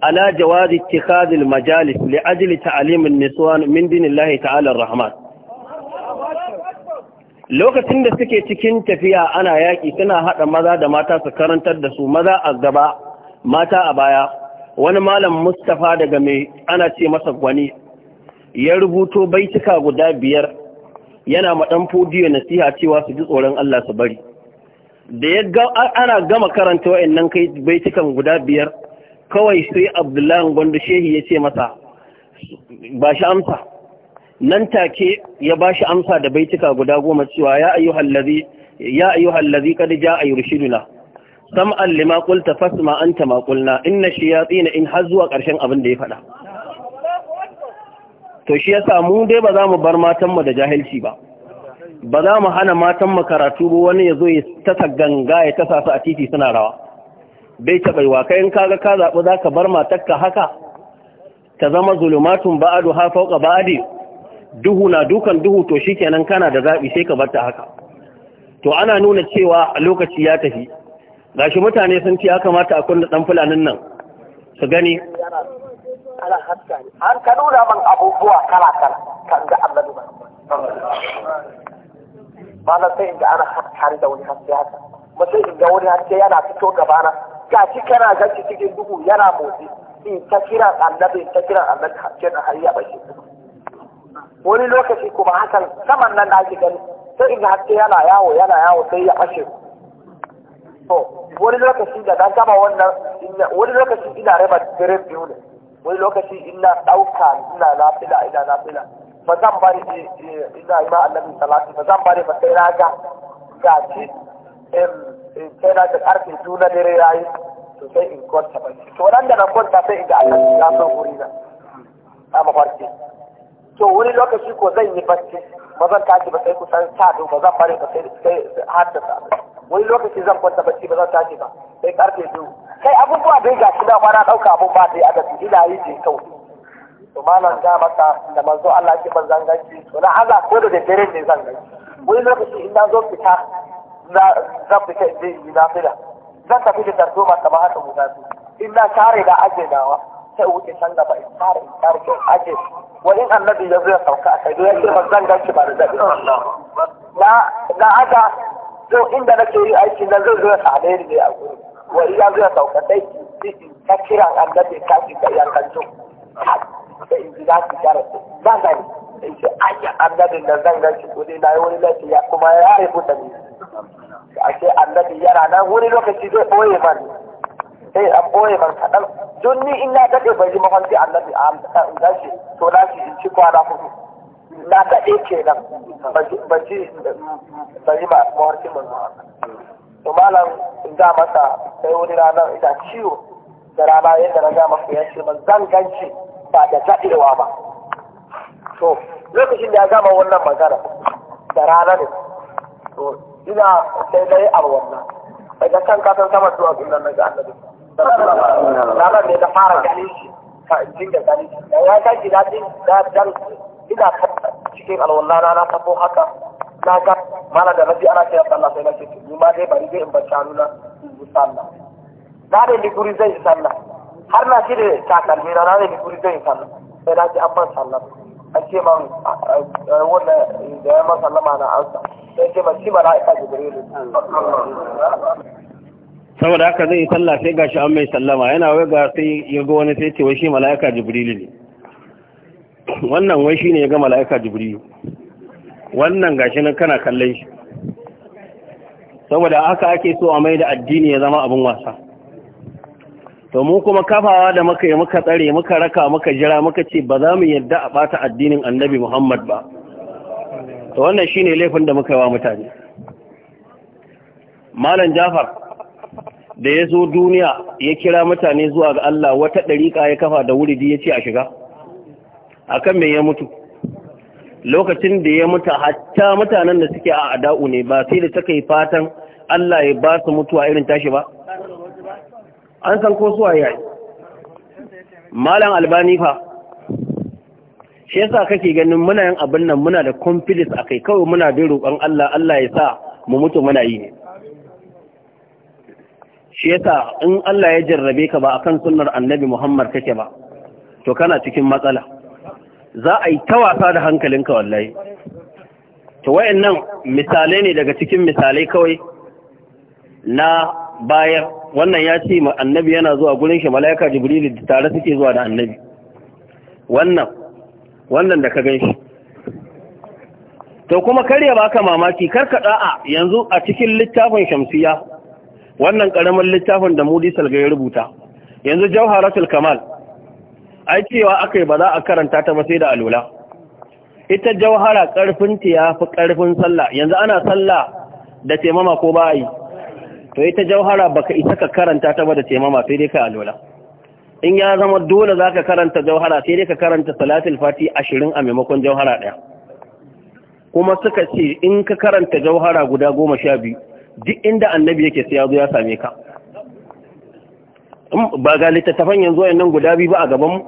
ala jawazi ittikhadh al majalis li ajli ta'lim an niswan min dinillahi ta'ala arrahman lokacin da suke cikin tafiya ana yaki suna hada maza da mata su karantar da su maza a gaba mata a baya wani malam mustafa daga mai ana ce masa gwani ya rubuto baituka guda biyar yana ma fudiyo fodiyo nasiha cewa su ji tsoron Allah su bari da ya ana gama karanta wayannan kai baitukan guda biyar kawai sai Abdullahi gwanda Shehi ya ce masa ba shi amsa nan take ya ba shi amsa da baituka guda goma cewa ya ayyuhal hallazi ya ja ladhi qad jaa yurshiduna sam'an lima qulta fasma anta ma qulna inna tsina in har zuwa ƙarshen abin da ya faɗa to shi yasa mu dai ba za mu bar matan mu da jahilci ba ba za mu hana matanmu karatu ba wani ya zo ya tasa ganga ya tasa su a titi suna rawa bai taɓaiwa kai in kaga ka zaɓi zaka ka bar matakka haka ta zama zulumatun ba'adu ha fauka ba'adi duhu na dukan duhu to shikenan kana da zaɓi sai ka bar ta haka to ana nuna cewa a lokaci ya tafi gashi mutane sun ce ya kamata a kunna ɗan fulanin nan su gani ana haska ne an ka nuna man abubuwa kala kala kan ga annabi ba malam sai inda ana haska da wani haske haka mutum inda wani haske yana fito gabana gashi kana gashi cikin duhu yana motsi in ta kiran annabi In ta kiran annabi haske da har ya bashi wani lokaci kuma hakan saman nan da ake gani sai in haske yana yawo yana yawo sai ya fashe to wani lokaci da na gama wannan wani lokaci ina raba dare biyu ne wani lokaci ina ɗauka ina lafila ina lafila ba zan bari eh, eh, ina yi ma annabi salatu ba zan bari ba sai na ga gaci eh, sai na ga karfe juna dare ya yi to sai in kwanta ba to nan da na kwanta sai in ga annabi ya so wuri na a mafarki to wani lokaci ko zan yi bacci ba zan tashi ba sai kusan sa ba zan bari ba sai har da sa wani lokaci zan kwanta bacci ba zan tashi ba sai karfe biyu kai abubuwa dai ga shi na kwana ɗauka abun ba dai a gaske ina yi je kawai to malam ga maka da manzo Allah ke ban zan ganci to na Allah ko da daddare ne zan ganci wani lokaci in na zo fita na zan fita in je ina yi zan tafi da ba kamar haka mu biyu in na tare da aje dawa sai wuce can gaba in tare in tare in aje wani annabi ya zo ya sauka a kai ya ce ban zan ganci ba da daɗi na na aka to inda nake yi aiki na zai zai same ne a gurin wa iya zai sauka dai ta kiran annabi ka ki da yankan to sai in ji za ki gara zan gani sai ce ayya annabi da zan ganci ko dai na yi wani laifi ya kuma ya rubuta ni a ce annabi yana nan wani lokaci zai ɓoye man sai an ɓoye man kaɗan don ni in na daɗe bai yi mafarki annabi a ɗan gashi to na shi in ci kwana hudu na kaɗe ke nan ba ji ba yi ba mawarkin manzo to malam in ga masa sai wani ranar ina ciwo da rana yadda na ga masa ya ce zan ganci ba da daɗewa ba to lokacin da ya gama wannan magana da rana ne to ina sai dai a wannan daga kan katon sama zuwa gudunar na ga annabi ranar ne na fara ganin shi ka jinga ganin shi ya kaji na jin ina cikin alwala na na tabo haka na ga mana da nabi ana cewa sallah sai na ce ni ma dai bari zai in bar shanu na in sallah na da ni guri zai sallah har na shi da takalmi na na da ni guri zai sallah sai na ji an bar sallah an ce ma wanda da ya man sallama na ansa sai ce ma shi mala'ika jibrilu saboda haka zai yi sallah sai gashi an mai sallama yana wai ga sai ya ga wani sai ce wai shi mala'ika jibrilu ne wannan wai ne ya gama la'aika jibrilu wannan gashi nan kana kallon shi saboda haka ake so a mai da addini ya zama abin wasa to mu kuma kafawa da muka yi muka tsare muka raka muka jira muka ce ba za mu yarda a bata addinin annabi muhammad ba to wannan shi ne laifin da muka yi wa mutane malam jafar da ya zo duniya ya kira mutane zuwa ga allah wata ɗariƙa ya kafa da wuridi ya ce a shiga akan me ya mutu lokacin da ya mutu hatta mutanen da suke a ada'u ne ba sai da take fatan Allah ya ba su mutuwa irin tashi ba an san ko suwa yayi malam albani fa shi yasa kake ganin muna yin abin nan muna da confidence akai kawai muna bin roƙon Allah Allah ya sa mu mutu muna yi ne shi yasa in Allah ya jarrabe ka ba akan sunnar annabi Muhammad kake ba to kana cikin matsala za a yi ta wasa da hankalinka wallahi to wayannan misalai ne daga cikin misalai kawai na bayar wannan ya ce annabi yana zuwa gurin shi mala'ika jibrilu da tare suke zuwa da annabi wannan wannan da ka gan shi to kuma karya baka mamaki karka ɗa’a yanzu a cikin littafin shamsiya wannan karamin littafin da mudi salga ya rubuta yanzu jauharatul kamal ai cewa akai ba za a karanta ta ba sai da alula ita jawhara karfin ta fi karfin sallah yanzu ana sallah da taimama ko ba yi to ita jawhara baka isa ka karanta ta ba da taimama sai dai ka alula in ya zama dole zaka karanta jawhara sai dai ka karanta salatul fati 20 a maimakon jawhara daya kuma suka ce in ka karanta jawhara guda goma sha biyu duk inda annabi yake sai ya zo ya same ka ba ga littattafan yanzu nan guda biyu ba a gaban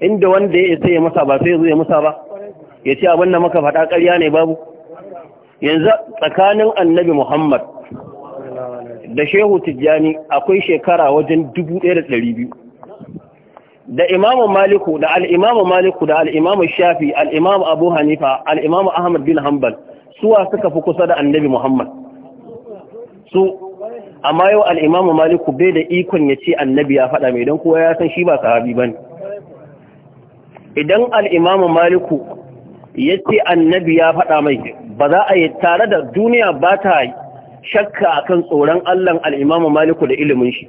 inda wanda ya isa ya masa ba sai zo ya masa ba ya ce abin da maka faɗa karya ne babu yanzu tsakanin annabi muhammad da shehu tijjani akwai shekara wajen dubu ɗaya da ɗari biyu da imamu maliku da al'imamu maliku da al'imamu shafi al'imamu abu hanifa al'imamu ahmad bin hanbal suwa suka fi kusa da annabi muhammad su amma yau al'imamu maliku bai da ikon ya ce annabi ya faɗa mai don kowa ya san shi ba sahabi ba ne idan al'imamu maliku ya ce annabi ya faɗa mai ba za a yi tare da duniya ba ta shakka a kan tsoron Allahn al'imamu maliku da ilimin shi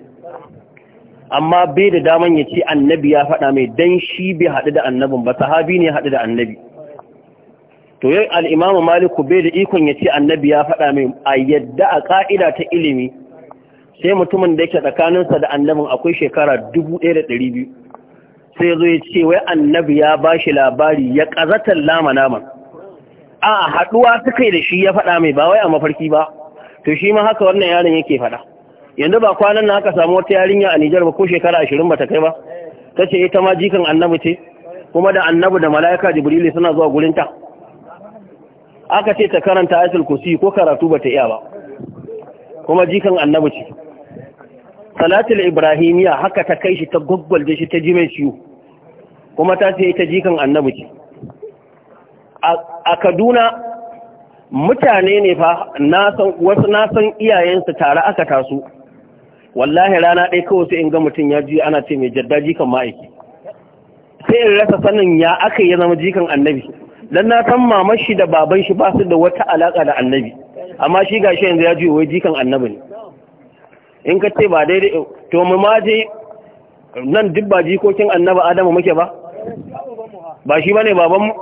amma bai da daman ya ce annabi ya faɗa mai don shi bai haɗu da annabin ba sahabi ne haɗu da annabi to yi al'imamu maliku bai da ikon ya ce annabi ya faɗa mai a yadda a ka'ida ta ilimi sai mutumin da yake tsakaninsa da annabin akwai shekara dubu ɗaya da ɗari biyu sai zo ya ce wai annabi ya ba shi labari ya ƙazatar lama naman a haɗuwa suka yi da shi ya faɗa mai ba wai a mafarki ba to shi ma haka wannan yaron yake faɗa yanzu ba kwanan na haka samu wata yarinya a Nijar ba ko shekara ashirin ba ta kai ba ta ce ita ma jikan annabi ce kuma da annabi da mala'ika jibrili suna zuwa gurinta aka ce ta karanta ayatul kursi ko karatu ba ta iya ba kuma jikan annabi ce salatul ibrahimiya haka ta kai shi ta gwaggwalje shi ta ji mai ciwo kuma ta ce ita jikan annabi ce a kaduna mutane ne fa wasu na san iyayensu tare aka taso wallahi rana ɗaya kawai sai in ga mutum ya ji ana ce mai jadda jikan ma'aiki sai in rasa sanin ya aka ya zama jikan annabi don na san maman shi da baban shi ba su da wata alaƙa da annabi amma shi ga shi yanzu ya ji wai jikan annabi ne in ka ce ba daidai to mu ma je nan duk ba jikokin annabi adamu muke ba ba shi ba ne babanmu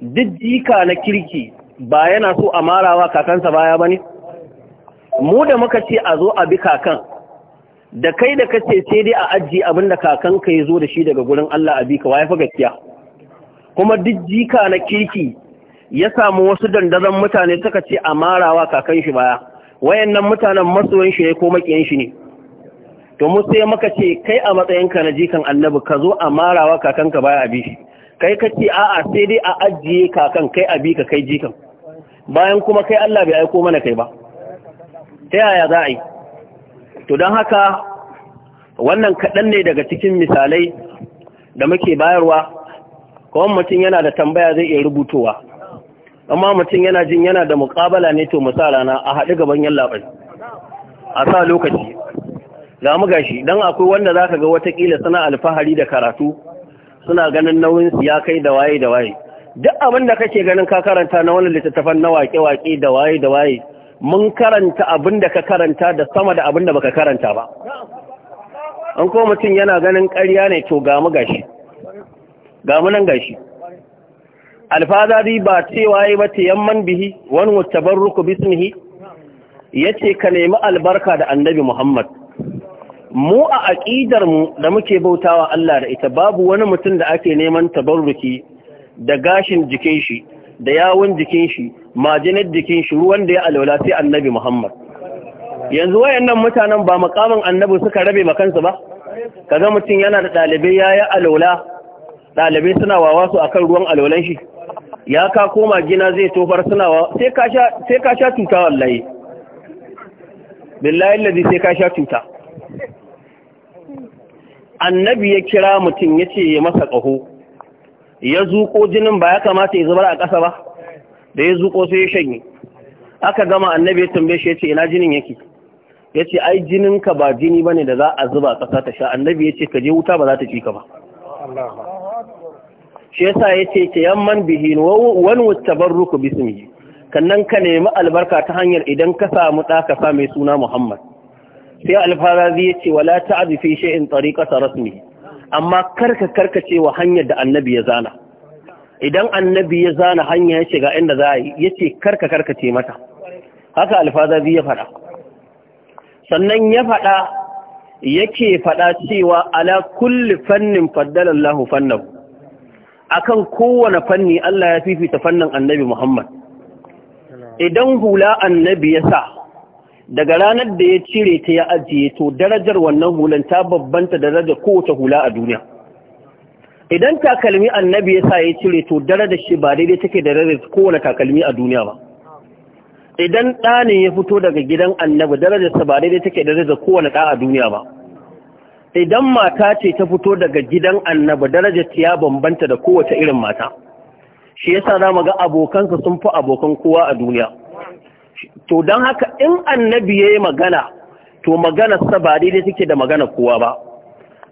duk jika na kirki ba yana so a marawa kakansa baya ba ne? mu da muka ce a zo a bi kakan da kai da kace sai dai a ajiye abin da ka yi zo da shi daga gurin Allah a bi ka waye fa gaskiya kuma duk jika na kirki ya samu wasu dandazon mutane suka ce a marawa kakan shi baya wayannan mutanen masoyan shi ne ko makiyan shi ne to mu sai maka ce kai a matsayinka na jikan annabi ka zo a marawa kakanka baya abi shi kai ka ce a'a sai dai a ajiye kakan kai a abi ka kai jikan bayan kuma kai Allah bai aiko mana kai ba ta yaya za a yi to don haka wannan kaɗan ne daga cikin misalai da muke bayarwa kawon mutum yana da tambaya zai iya rubutowa amma mutum yana jin yana da muƙabala ne to misala rana a haɗu gaban yallaɓai a sa lokaci ga mu gashi dan akwai wanda zaka ga watakila suna alfahari da karatu suna ganin nauyin su ya kai da waye da waye duk abin da kake ganin ka karanta na wannan littattafan na wake wake da waye da waye mun karanta abin da ka karanta da sama da abin da baka karanta ba an ko mutum yana ganin ƙarya ne to ga mu gashi ga mu nan gashi alfazari ba ce waye ba ta yamman bihi wani wata barruku bismihi ya ce ka nemi albarka da annabi muhammad mu a aƙidar mu da muke bautawa Allah da ita babu wani mutum da ake neman tabarruki da gashin jikin shi da yawon jikin shi majinar jikin shi ruwan da ya alwala sai annabi Muhammad yanzu wayannan mutanen ba makamin annabi suka rabe kansu ba kaga mutum yana da ɗalibai yi alwala ɗalibai suna wawa su akan ruwan alwalan shi ya ka koma gina zai tofar suna sai ka sha tuta, wallahi billahi allazi sai ka sha tuta. annabi ya kira mutum ya ce ya masa ƙaho ya zuƙo jinin ba ya kamata ya zubar a ƙasa ba da ya zuƙo sai ya shanye aka gama annabi ya tambaye shi ya ce ina jinin yake ya ce ai jininka ba jini ba ne da za a zuba ƙasa ta sha annabi ya ce ka je wuta ba za ta ci ka ba shi yasa ya ce ke yamman bihin wani bi bismi kannan ka nemi albarka ta hanyar idan ka samu ɗa ka sa mai suna muhammad sai alfarazi ya ce wala ta'azi fi shay'in tariqata rasmi amma karka karkace wa hanyar da annabi ya zana idan annabi ya zana hanya ya shiga inda za yi ya ce karka karkace mata haka alfazazi ya faɗa sannan ya faɗa yake faɗa cewa ala kulli fannin faddala Allahu fannahu akan kowane fanni Allah ya fifita fannin annabi Muhammad idan hula annabi ya sa daga ranar da ya cire ta ya ajiye to darajar wannan hulan ta babbanta darajar kowace hula a duniya idan takalmi annabi ya sa ya cire to darajar shi ba daidai take da darajar kowane takalmi a duniya ba idan ɗa ne ya fito daga gidan annabi darajar sa ba daidai take da darajar kowane ɗa a duniya ba idan mata ce ta fito daga gidan annabi darajar ta ya bambanta da kowace irin mata shi yasa za mu ga abokansa sun fi abokan kowa a duniya to don haka in annabi ya yi magana to magana ba daidai take da magana kowa ba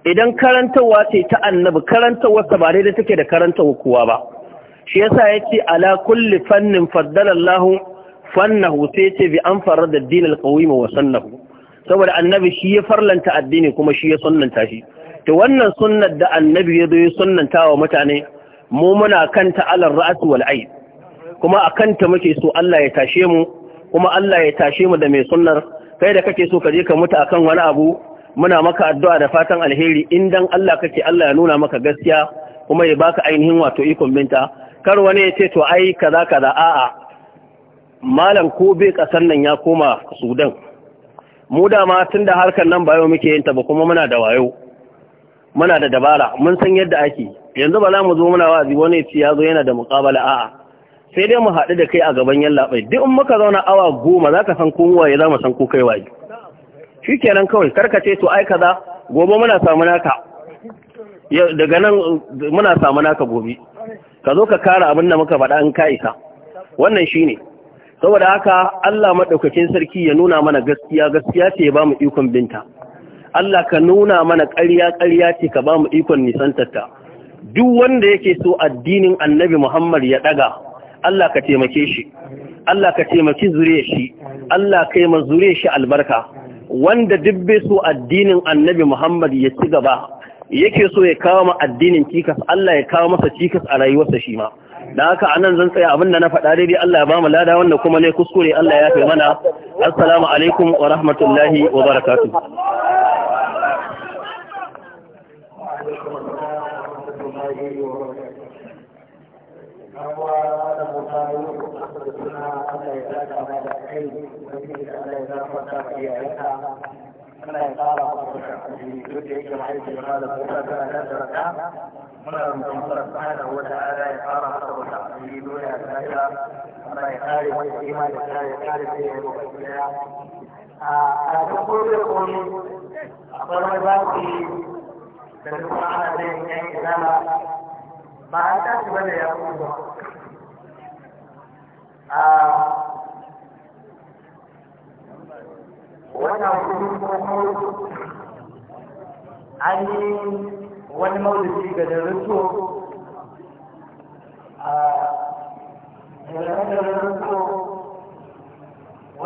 idan karantarwa ce ta annabi karantarwarsa ba daidai take da karantarwa kowa ba shi yasa ya ce ala kulli fannin faddalallahu fannahu sai ce bi an fara da dinar qawima wa sannahu saboda annabi shi ya farlanta addini kuma shi ya sunnanta shi to wannan sunnar da annabi ya zo ya sunnanta wa mutane mu muna kanta alar ra'asu wal ayn kuma kanta muke so Allah ya tashe mu kuma Allah ya tashe mu da mai sunnar kai da kake so ka je ka mutu akan wani abu muna maka addu'a da fatan alheri in dan Allah kake Allah ya nuna maka gaskiya kuma ya baka ainihin wato ikon binta kar wani ya ce to ai kaza kaza a'a malam ko bai kasar nan ya koma Sudan mu dama tunda harkar nan bayo muke yin ta ba kuma muna da wayo muna da dabara mun san yadda ake yanzu ba za mu zo muna wazi wani ya ce ya yana da muƙabala a'a sai dai mu haɗu da kai a gaban bai duk in muka zauna awa goma za ka san ko waye za mu san ko kai waye shi kenan kawai karkace to ai kaza gobe muna samu naka daga nan muna samu naka gobe ka zo ka kara abin da muka faɗa in ka isa wannan shine saboda haka Allah madaukakin sarki ya nuna mana gaskiya gaskiya ce ya mu ikon binta Allah ka nuna mana ƙarya ƙarya ce ka ba mu ikon nisantarta duk wanda yake so addinin Annabi Muhammad ya ɗaga. Allah ka taimake shi Allah ka taimaki zuriyar shi Allah kai ma zuriyar shi albarka wanda dubbe so addinin Annabi Muhammad ya ci gaba yake so ya kawo ma addinin cikas Allah ya kawo masa cikas a rayuwarsa shi ma da haka anan zan tsaya abin da na faɗa daidai Allah ya ba mu lada wanda kuma ne kuskure Allah ya fi mana assalamu alaikum wa rahmatullahi wa barakatuh Thank you. فهو هذا البخاري السنة ألا يزال هذا العلم ويجب ألا يزال فتح إياها ألا يزال يدعي العلم بهذا البخاري لا تركه من الله سبحانه وتعالى يقارن الرسل في دون ذلك ولا يخالف الإيمان لا يخالف تقول لكم أقول لكم تدعو على ذلك إلى ba an tashi bane ya kuma ba a wannan hudu ko an yi wani maulidi ga darusso a